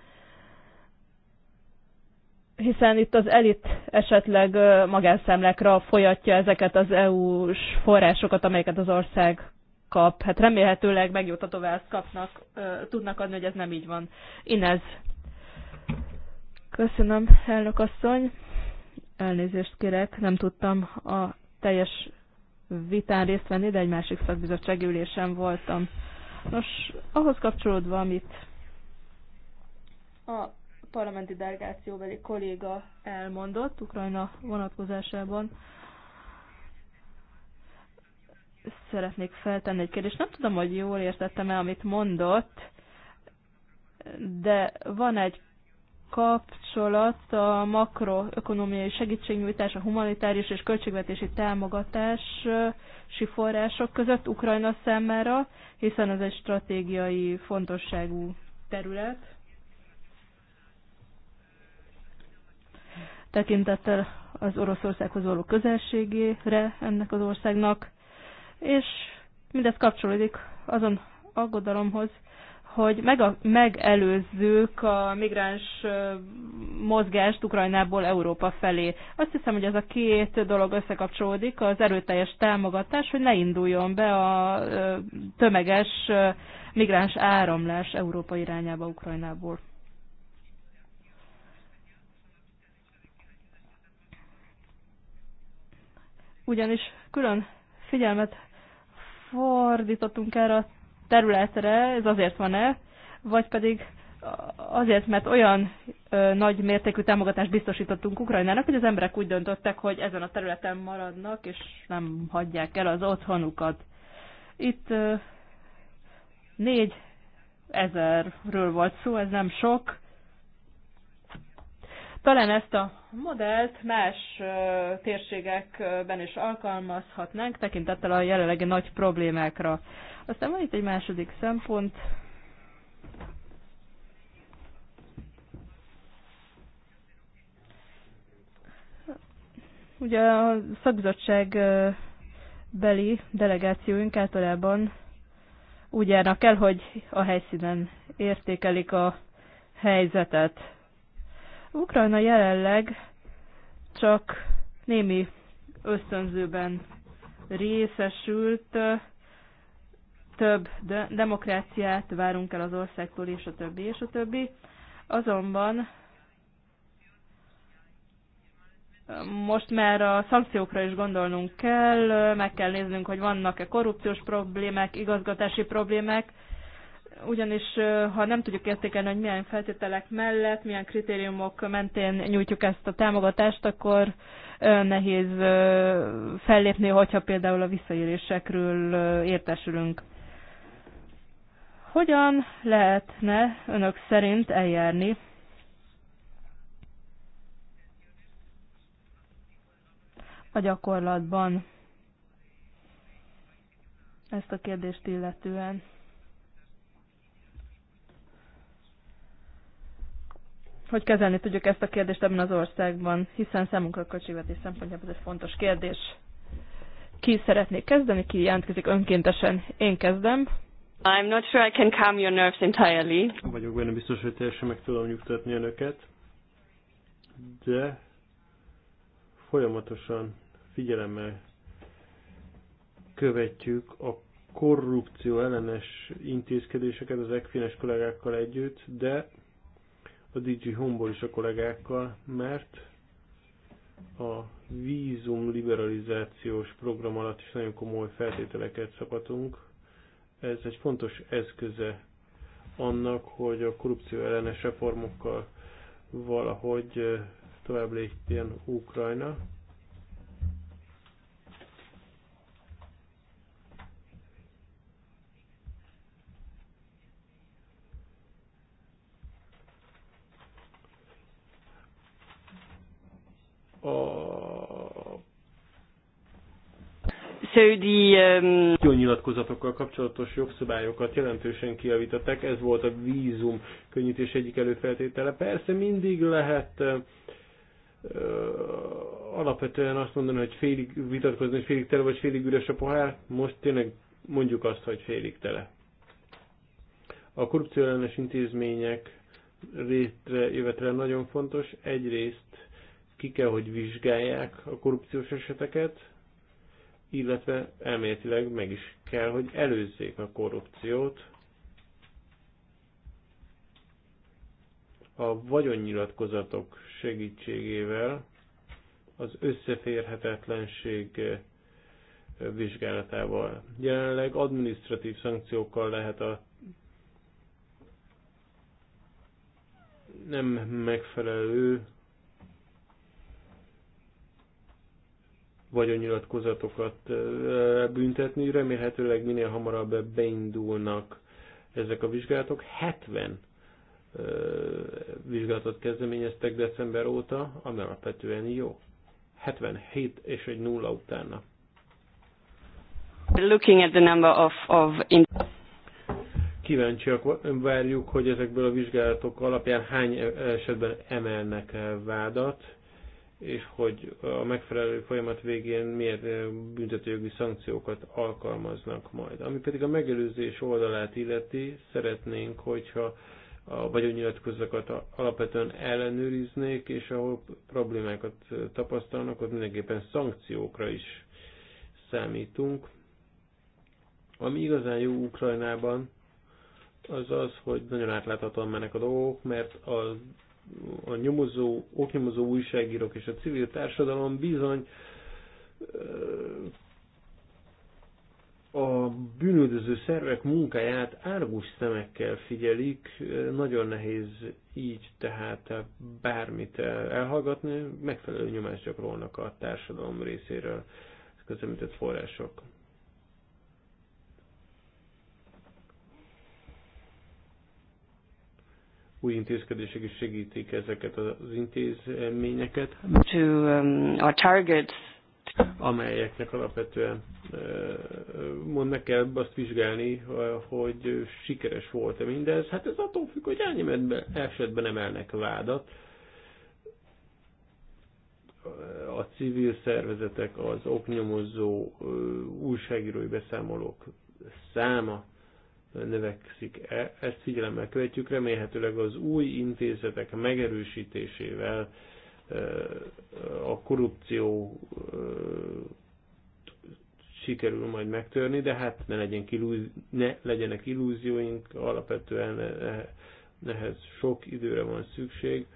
hiszen itt az elit esetleg magánszemlekra folyatja ezeket az EU-s forrásokat, amelyeket az ország kap. Hát remélhetőleg megjutató választ kapnak, tudnak adni, hogy ez nem így van. Inez. Köszönöm, elnök asszony. Elnézést kérek, nem tudtam a teljes vitán részt venni, de egy másik szakbizottság ülésen voltam. Nos, ahhoz kapcsolódva, amit a parlamenti delegációbeli kolléga elmondott Ukrajna vonatkozásában, szeretnék feltenni egy kérdést. Nem tudom, hogy jól értettem-e, amit mondott, de van egy kapcsolat a makroökonomiai segítségnyújtás, a humanitárius és költségvetési támogatási források között Ukrajna számára, hiszen ez egy stratégiai fontosságú terület. Tekintettel az Oroszországhoz való közelségére ennek az országnak, és mindez kapcsolódik azon aggodalomhoz, hogy meg a, megelőzzük a migráns mozgást Ukrajnából Európa felé. Azt hiszem, hogy ez a két dolog összekapcsolódik, az erőteljes támogatás, hogy ne induljon be a tömeges migráns áramlás Európa irányába Ukrajnából. Ugyanis külön figyelmet fordítottunk erre a területre, ez azért van-e, vagy pedig azért, mert olyan ö, nagy mértékű támogatást biztosítottunk Ukrajnának, hogy az emberek úgy döntöttek, hogy ezen a területen maradnak, és nem hagyják el az otthonukat. Itt ö, négy ezerről volt szó, ez nem sok, talán ezt a modellt más térségekben is alkalmazhatnánk, tekintettel a jelenlegi nagy problémákra. Aztán van itt egy második szempont, Ugye a szakbizottság beli delegációink általában úgy járnak el, hogy a helyszínen értékelik a helyzetet. Ukrajna jelenleg csak némi ösztönzőben részesült, több de- demokráciát várunk el az országtól, és a többi, és a többi. Azonban most már a szankciókra is gondolnunk kell, meg kell néznünk, hogy vannak-e korrupciós problémák, igazgatási problémák, ugyanis ha nem tudjuk értékelni, hogy milyen feltételek mellett, milyen kritériumok mentén nyújtjuk ezt a támogatást, akkor nehéz fellépni, hogyha például a visszaélésekről értesülünk. Hogyan lehetne önök szerint eljárni a gyakorlatban ezt a kérdést illetően? hogy kezelni tudjuk ezt a kérdést ebben az országban, hiszen számunkra a költségvetés szempontjából ez egy fontos kérdés. Ki szeretné kezdeni, ki jelentkezik önkéntesen? Én kezdem. I'm not sure I can calm your nerves entirely. Nem vagyok benne biztos, hogy teljesen meg tudom nyugtatni önöket, de folyamatosan figyelemmel követjük a korrupció ellenes intézkedéseket az ekfines kollégákkal együtt, de a DJ Home-ból is a kollégákkal, mert a vízum liberalizációs program alatt is nagyon komoly feltételeket szabadunk. Ez egy fontos eszköze annak, hogy a korrupció ellenes reformokkal valahogy tovább lépjen Ukrajna. a um, Jó nyilatkozatokkal kapcsolatos jogszabályokat jelentősen kiavítottak, ez volt a vízum könnyítés egyik előfeltétele. Persze mindig lehet alapvetően azt mondani, hogy félig vitatkozni, hogy félig tele vagy félig üres a pohár, most tényleg mondjuk azt, hogy félig tele. A ellenes intézmények részre jövetre nagyon fontos. Egyrészt ki kell, hogy vizsgálják a korrupciós eseteket, illetve elméletileg meg is kell, hogy előzzék a korrupciót. A vagyonnyilatkozatok segítségével az összeférhetetlenség vizsgálatával. Jelenleg administratív szankciókkal lehet a nem megfelelő vagyonnyilatkozatokat büntetni. Remélhetőleg minél hamarabb beindulnak ezek a vizsgálatok. 70 vizsgálatot kezdeményeztek december óta, ami alapvetően jó. 77 és egy nulla utána. Looking at the number of, of in... Kíváncsiak várjuk, hogy ezekből a vizsgálatok alapján hány e- esetben emelnek vádat és hogy a megfelelő folyamat végén miért eh, büntetőjogi szankciókat alkalmaznak majd. Ami pedig a megelőzés oldalát illeti, szeretnénk, hogyha a vagyonnyilatkozatokat alapvetően ellenőriznék, és ahol problémákat tapasztalnak, ott mindenképpen szankciókra is számítunk. Ami igazán jó Ukrajnában, az az, hogy nagyon átláthatóan mennek a dolgok, mert az a nyomozó, oknyomozó újságírók és a civil társadalom bizony a bűnöldöző szervek munkáját árgus szemekkel figyelik, nagyon nehéz így tehát bármit elhallgatni, megfelelő nyomást gyakorolnak a társadalom részéről az említett források. új intézkedések is segítik ezeket az intézményeket. To, um, our targets. Amelyeknek alapvetően mondnak kell azt vizsgálni, hogy sikeres volt-e mindez. Hát ez attól függ, hogy ennyi esetben emelnek vádat. A civil szervezetek, az oknyomozó újságírói beszámolók száma növekszik-e, ezt figyelemmel követjük, remélhetőleg az új intézetek megerősítésével a korrupció sikerül majd megtörni, de hát ne, legyen illúzi, ne legyenek illúzióink, alapvetően e, e, ehhez sok időre van szükség,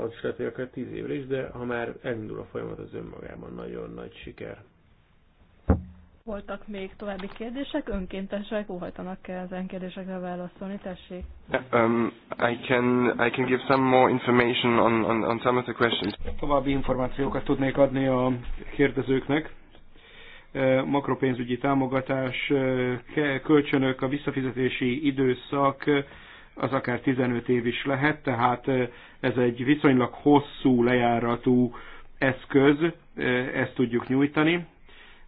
az is lehet, hogy akár tíz évre is, de ha már elindul a folyamat, az önmagában nagyon nagy siker. Voltak még további kérdések, önkéntesek óhajtanak -e ezen kérdésekre válaszolni, tessék. Yeah, um, I can I can give some more information on, on, on some of the questions. További információkat tudnék adni a kérdezőknek. E, makropénzügyi támogatás, e, kölcsönök, a visszafizetési időszak, e, az akár 15 év is lehet, tehát ez egy viszonylag hosszú lejáratú eszköz, ezt tudjuk nyújtani.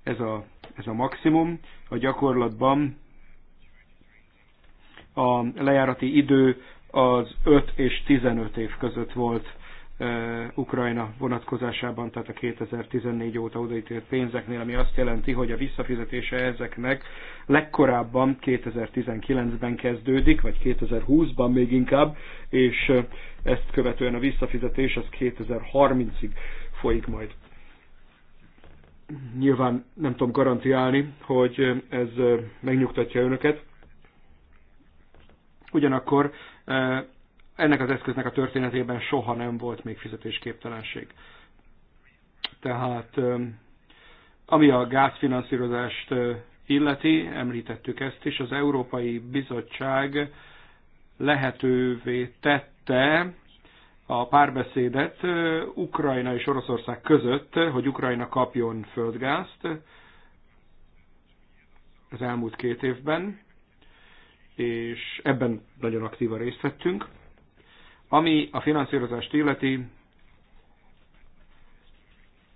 Ez a ez a maximum. A gyakorlatban a lejárati idő az 5 és 15 év között volt e, Ukrajna vonatkozásában, tehát a 2014 óta odaítélt pénzeknél, ami azt jelenti, hogy a visszafizetése ezeknek legkorábban 2019-ben kezdődik, vagy 2020-ban még inkább, és e, ezt követően a visszafizetés az 2030-ig folyik majd. Nyilván nem tudom garantiálni, hogy ez megnyugtatja önöket. Ugyanakkor ennek az eszköznek a történetében soha nem volt még fizetésképtelenség. Tehát ami a gázfinanszírozást illeti, említettük ezt is, az Európai Bizottság lehetővé tette a párbeszédet Ukrajna és Oroszország között, hogy Ukrajna kapjon földgázt az elmúlt két évben, és ebben nagyon aktívan részt vettünk. Ami a finanszírozást illeti,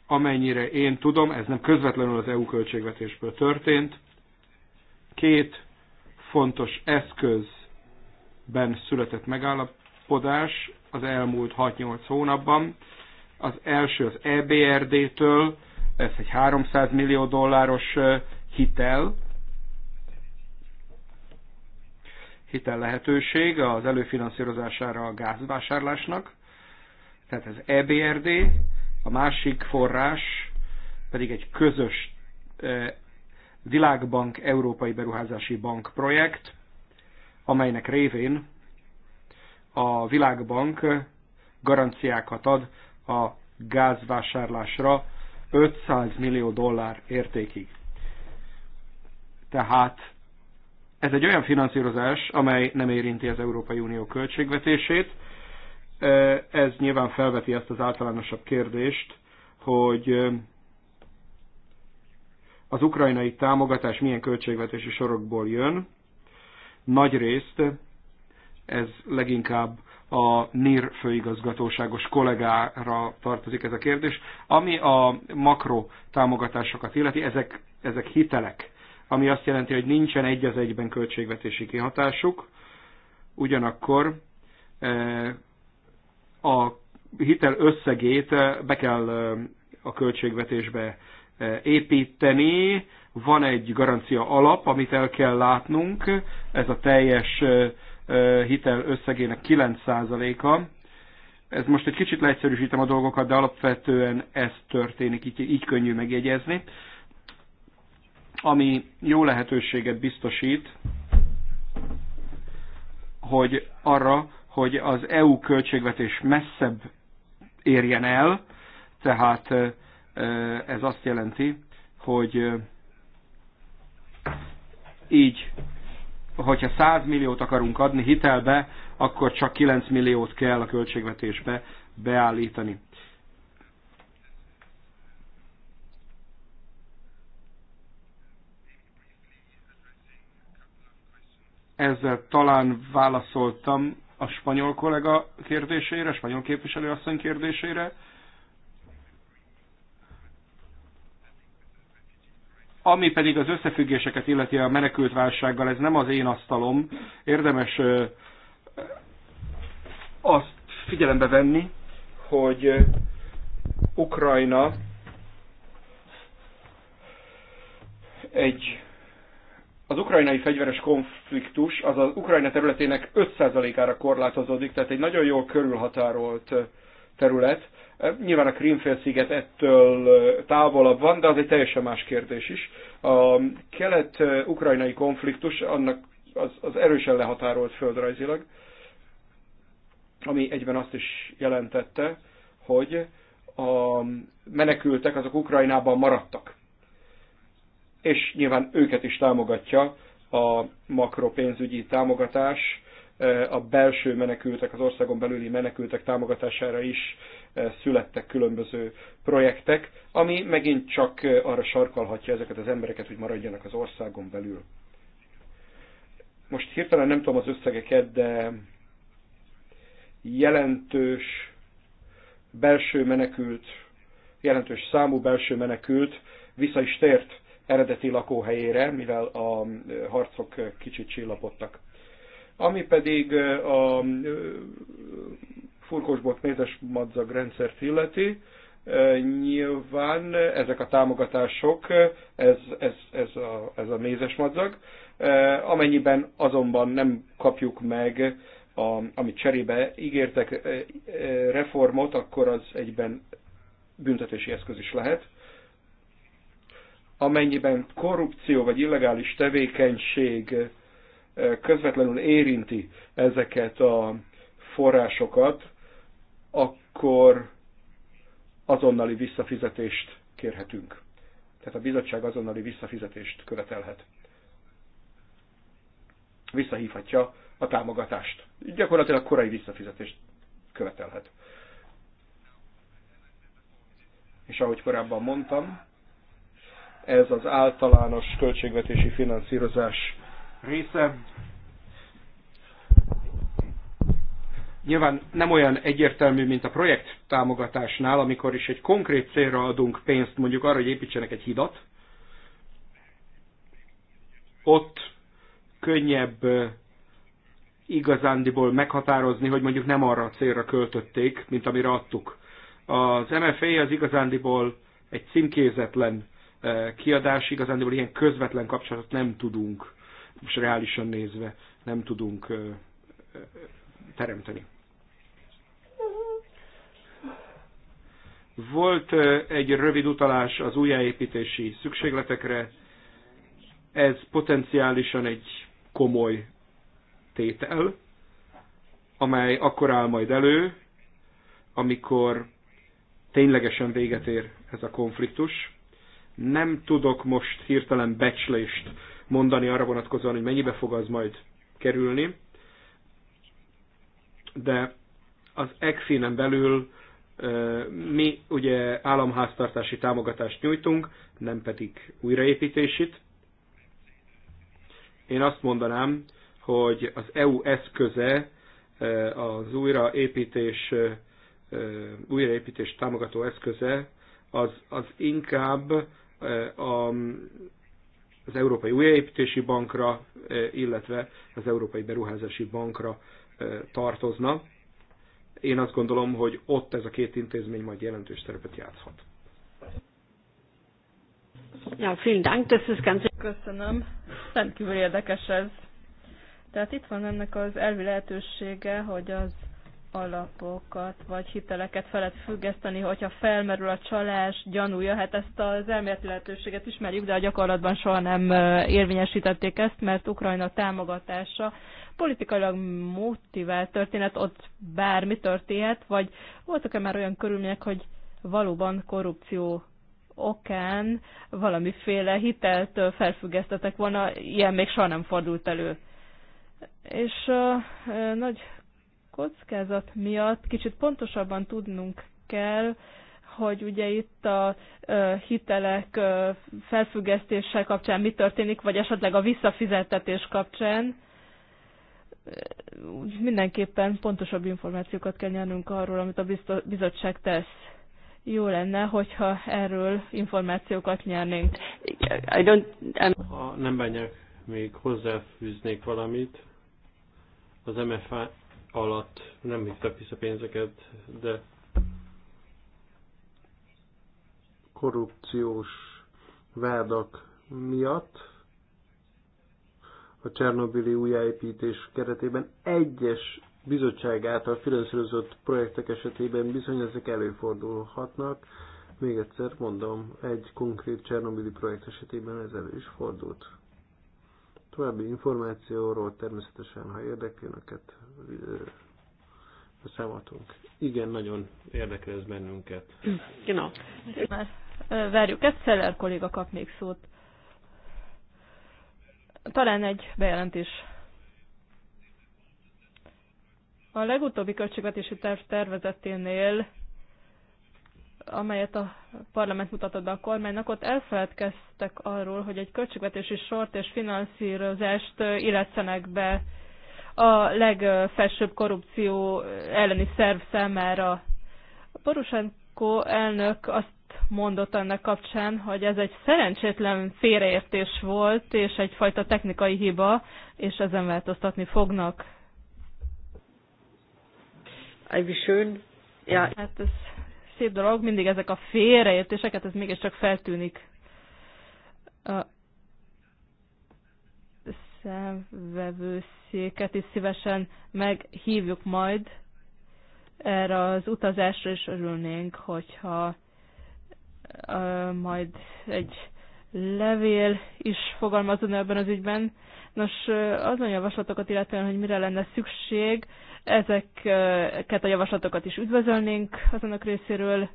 amennyire én tudom, ez nem közvetlenül az EU költségvetésből történt, két fontos eszközben született megállapodás, megállapodás az elmúlt 6-8 hónapban. Az első az EBRD-től, ez egy 300 millió dolláros hitel, hitel lehetőség az előfinanszírozására a gázvásárlásnak, tehát ez EBRD, a másik forrás pedig egy közös Világbank Európai Beruházási Bank projekt, amelynek révén a Világbank garanciákat ad a gázvásárlásra 500 millió dollár értékig. Tehát ez egy olyan finanszírozás, amely nem érinti az Európai Unió költségvetését. Ez nyilván felveti azt az általánosabb kérdést, hogy az ukrajnai támogatás milyen költségvetési sorokból jön. Nagy részt ez leginkább a NIR főigazgatóságos kollégára tartozik ez a kérdés. Ami a makro támogatásokat illeti, ezek, ezek hitelek, ami azt jelenti, hogy nincsen egy az egyben költségvetési kihatásuk, ugyanakkor e, a hitel összegét be kell e, a költségvetésbe e, építeni, van egy garancia alap, amit el kell látnunk, ez a teljes hitel összegének 9%-a. Ez most egy kicsit leegyszerűsítem a dolgokat, de alapvetően ez történik, így, így könnyű megjegyezni. Ami jó lehetőséget biztosít, hogy arra, hogy az EU költségvetés messzebb érjen el, tehát ez azt jelenti, hogy így hogyha 100 milliót akarunk adni hitelbe, akkor csak 9 milliót kell a költségvetésbe beállítani. Ezzel talán válaszoltam a spanyol kollega kérdésére, a spanyol képviselőasszony kérdésére. Ami pedig az összefüggéseket illeti a menekültválsággal, ez nem az én asztalom. Érdemes azt figyelembe venni, hogy Ukrajna egy az ukrajnai fegyveres konfliktus az az Ukrajna területének 5%-ára korlátozódik, tehát egy nagyon jól körülhatárolt terület. Nyilván a Krímfélsziget ettől távolabb van, de az egy teljesen más kérdés is. A kelet-ukrajnai konfliktus annak az, az erősen lehatárolt földrajzilag, ami egyben azt is jelentette, hogy a menekültek azok Ukrajnában maradtak. És nyilván őket is támogatja a makropénzügyi támogatás, a belső menekültek, az országon belüli menekültek támogatására is születtek különböző projektek, ami megint csak arra sarkalhatja ezeket az embereket, hogy maradjanak az országon belül. Most hirtelen nem tudom az összegeket, de jelentős belső menekült, jelentős számú belső menekült vissza is tért eredeti lakóhelyére, mivel a harcok kicsit csillapodtak. Ami pedig a furkosbot mézes madzag rendszert illeti, e, nyilván ezek a támogatások, ez, ez, ez, a, ez a mézes madzag, e, amennyiben azonban nem kapjuk meg, a, amit cserébe ígértek e, reformot, akkor az egyben büntetési eszköz is lehet. Amennyiben korrupció vagy illegális tevékenység közvetlenül érinti ezeket a forrásokat, akkor azonnali visszafizetést kérhetünk. Tehát a bizottság azonnali visszafizetést követelhet. Visszahívhatja a támogatást. Gyakorlatilag korai visszafizetést követelhet. És ahogy korábban mondtam, ez az általános költségvetési finanszírozás része, Nyilván nem olyan egyértelmű, mint a projekt támogatásnál, amikor is egy konkrét célra adunk pénzt, mondjuk arra, hogy építsenek egy hidat. Ott könnyebb igazándiból meghatározni, hogy mondjuk nem arra a célra költötték, mint amire adtuk. Az MFA az igazándiból egy címkézetlen kiadás, igazándiból ilyen közvetlen kapcsolatot nem tudunk, most reálisan nézve, nem tudunk teremteni. Volt egy rövid utalás az újjáépítési szükségletekre, ez potenciálisan egy komoly tétel, amely akkor áll majd elő, amikor ténylegesen véget ér ez a konfliktus. Nem tudok most hirtelen becslést mondani arra vonatkozóan, hogy mennyibe fog az majd kerülni, de az ecfin belül mi ugye államháztartási támogatást nyújtunk, nem pedig újraépítését. Én azt mondanám, hogy az EU eszköze az újraépítés, újraépítés támogató eszköze az, az inkább a, az Európai Újraépítési Bankra, illetve az Európai Beruházási Bankra tartozna. Én azt gondolom, hogy ott ez a két intézmény majd jelentős szerepet játszhat. Ja, vielen Dank, das ist ganz... Köszönöm. Rendkívül érdekes ez. Tehát itt van ennek az elvi lehetősége, hogy az alapokat vagy hiteleket fel lehet függeszteni, hogyha felmerül a csalás gyanúja. Hát ezt az elméleti lehetőséget ismerjük, de a gyakorlatban soha nem érvényesítették ezt, mert Ukrajna támogatása politikailag motivált történet, ott bármi történhet, vagy voltak-e már olyan körülmények, hogy valóban korrupció okán valamiféle hitelt felfüggesztetek volna, ilyen még soha nem fordult elő. És a nagy kockázat miatt kicsit pontosabban tudnunk kell, hogy ugye itt a hitelek felfüggesztése kapcsán mi történik, vagy esetleg a visszafizetetés kapcsán, mindenképpen pontosabb információkat kell nyernünk arról, amit a bizottság tesz. Jó lenne, hogyha erről információkat nyernénk. I don't, I'm... Um, ha nem bánják, még hozzáfűznék valamit. Az MFA alatt nem hívtak vissza pénzeket, de korrupciós vádak miatt a Csernobili újjáépítés keretében egyes bizottság által finanszírozott projektek esetében bizony ezek előfordulhatnak. Még egyszer mondom, egy konkrét Csernobili projekt esetében ez elő is fordult. További információról természetesen, ha érdekli önöket, számoltunk. Igen, nagyon érdekel ez bennünket. Genau. várjuk egyszer Szeller kolléga kap még szót. Talán egy bejelentés. A legutóbbi költségvetési terv tervezeténél, amelyet a parlament mutatott be a kormánynak, ott elfeledkeztek arról, hogy egy költségvetési sort és finanszírozást illetszenek be a legfelsőbb korrupció elleni szerv számára. Porusenko elnök azt mondott ennek kapcsán, hogy ez egy szerencsétlen félreértés volt, és egyfajta technikai hiba, és ezen változtatni fognak. Ivy Schön. Ja. Hát ez szép dolog, mindig ezek a félreértéseket, ez mégiscsak feltűnik. A szemvevőszéket is szívesen meghívjuk majd erre az utazásra, és örülnénk, hogyha majd egy levél is fogalmazódna ebben az ügyben. Nos, azon javaslatokat illetően, hogy mire lenne szükség, ezeket a javaslatokat is üdvözölnénk az önök részéről.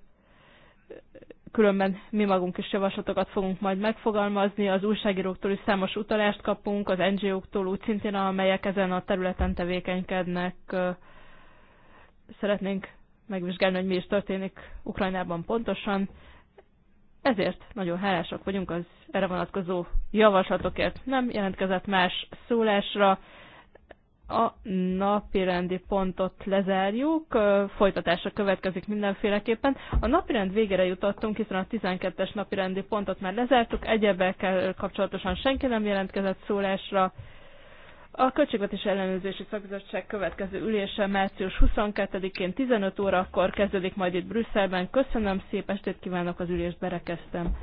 Különben mi magunk is javaslatokat fogunk majd megfogalmazni, az újságíróktól is számos utalást kapunk, az NGO-któl úgy szintén, amelyek ezen a területen tevékenykednek. Szeretnénk megvizsgálni, hogy mi is történik Ukrajnában pontosan. Ezért nagyon hálásak vagyunk az erre vonatkozó javaslatokért. Nem jelentkezett más szólásra. A napirendi pontot lezárjuk, folytatása következik mindenféleképpen. A napirend végére jutottunk, hiszen a 12-es napirendi pontot már lezártuk, egyebekkel kapcsolatosan senki nem jelentkezett szólásra. A Költségvetés Ellenőrzési Szakbizottság következő ülése március 22-én 15 órakor kezdődik majd itt Brüsszelben. Köszönöm, szép estét kívánok, az ülést berekeztem.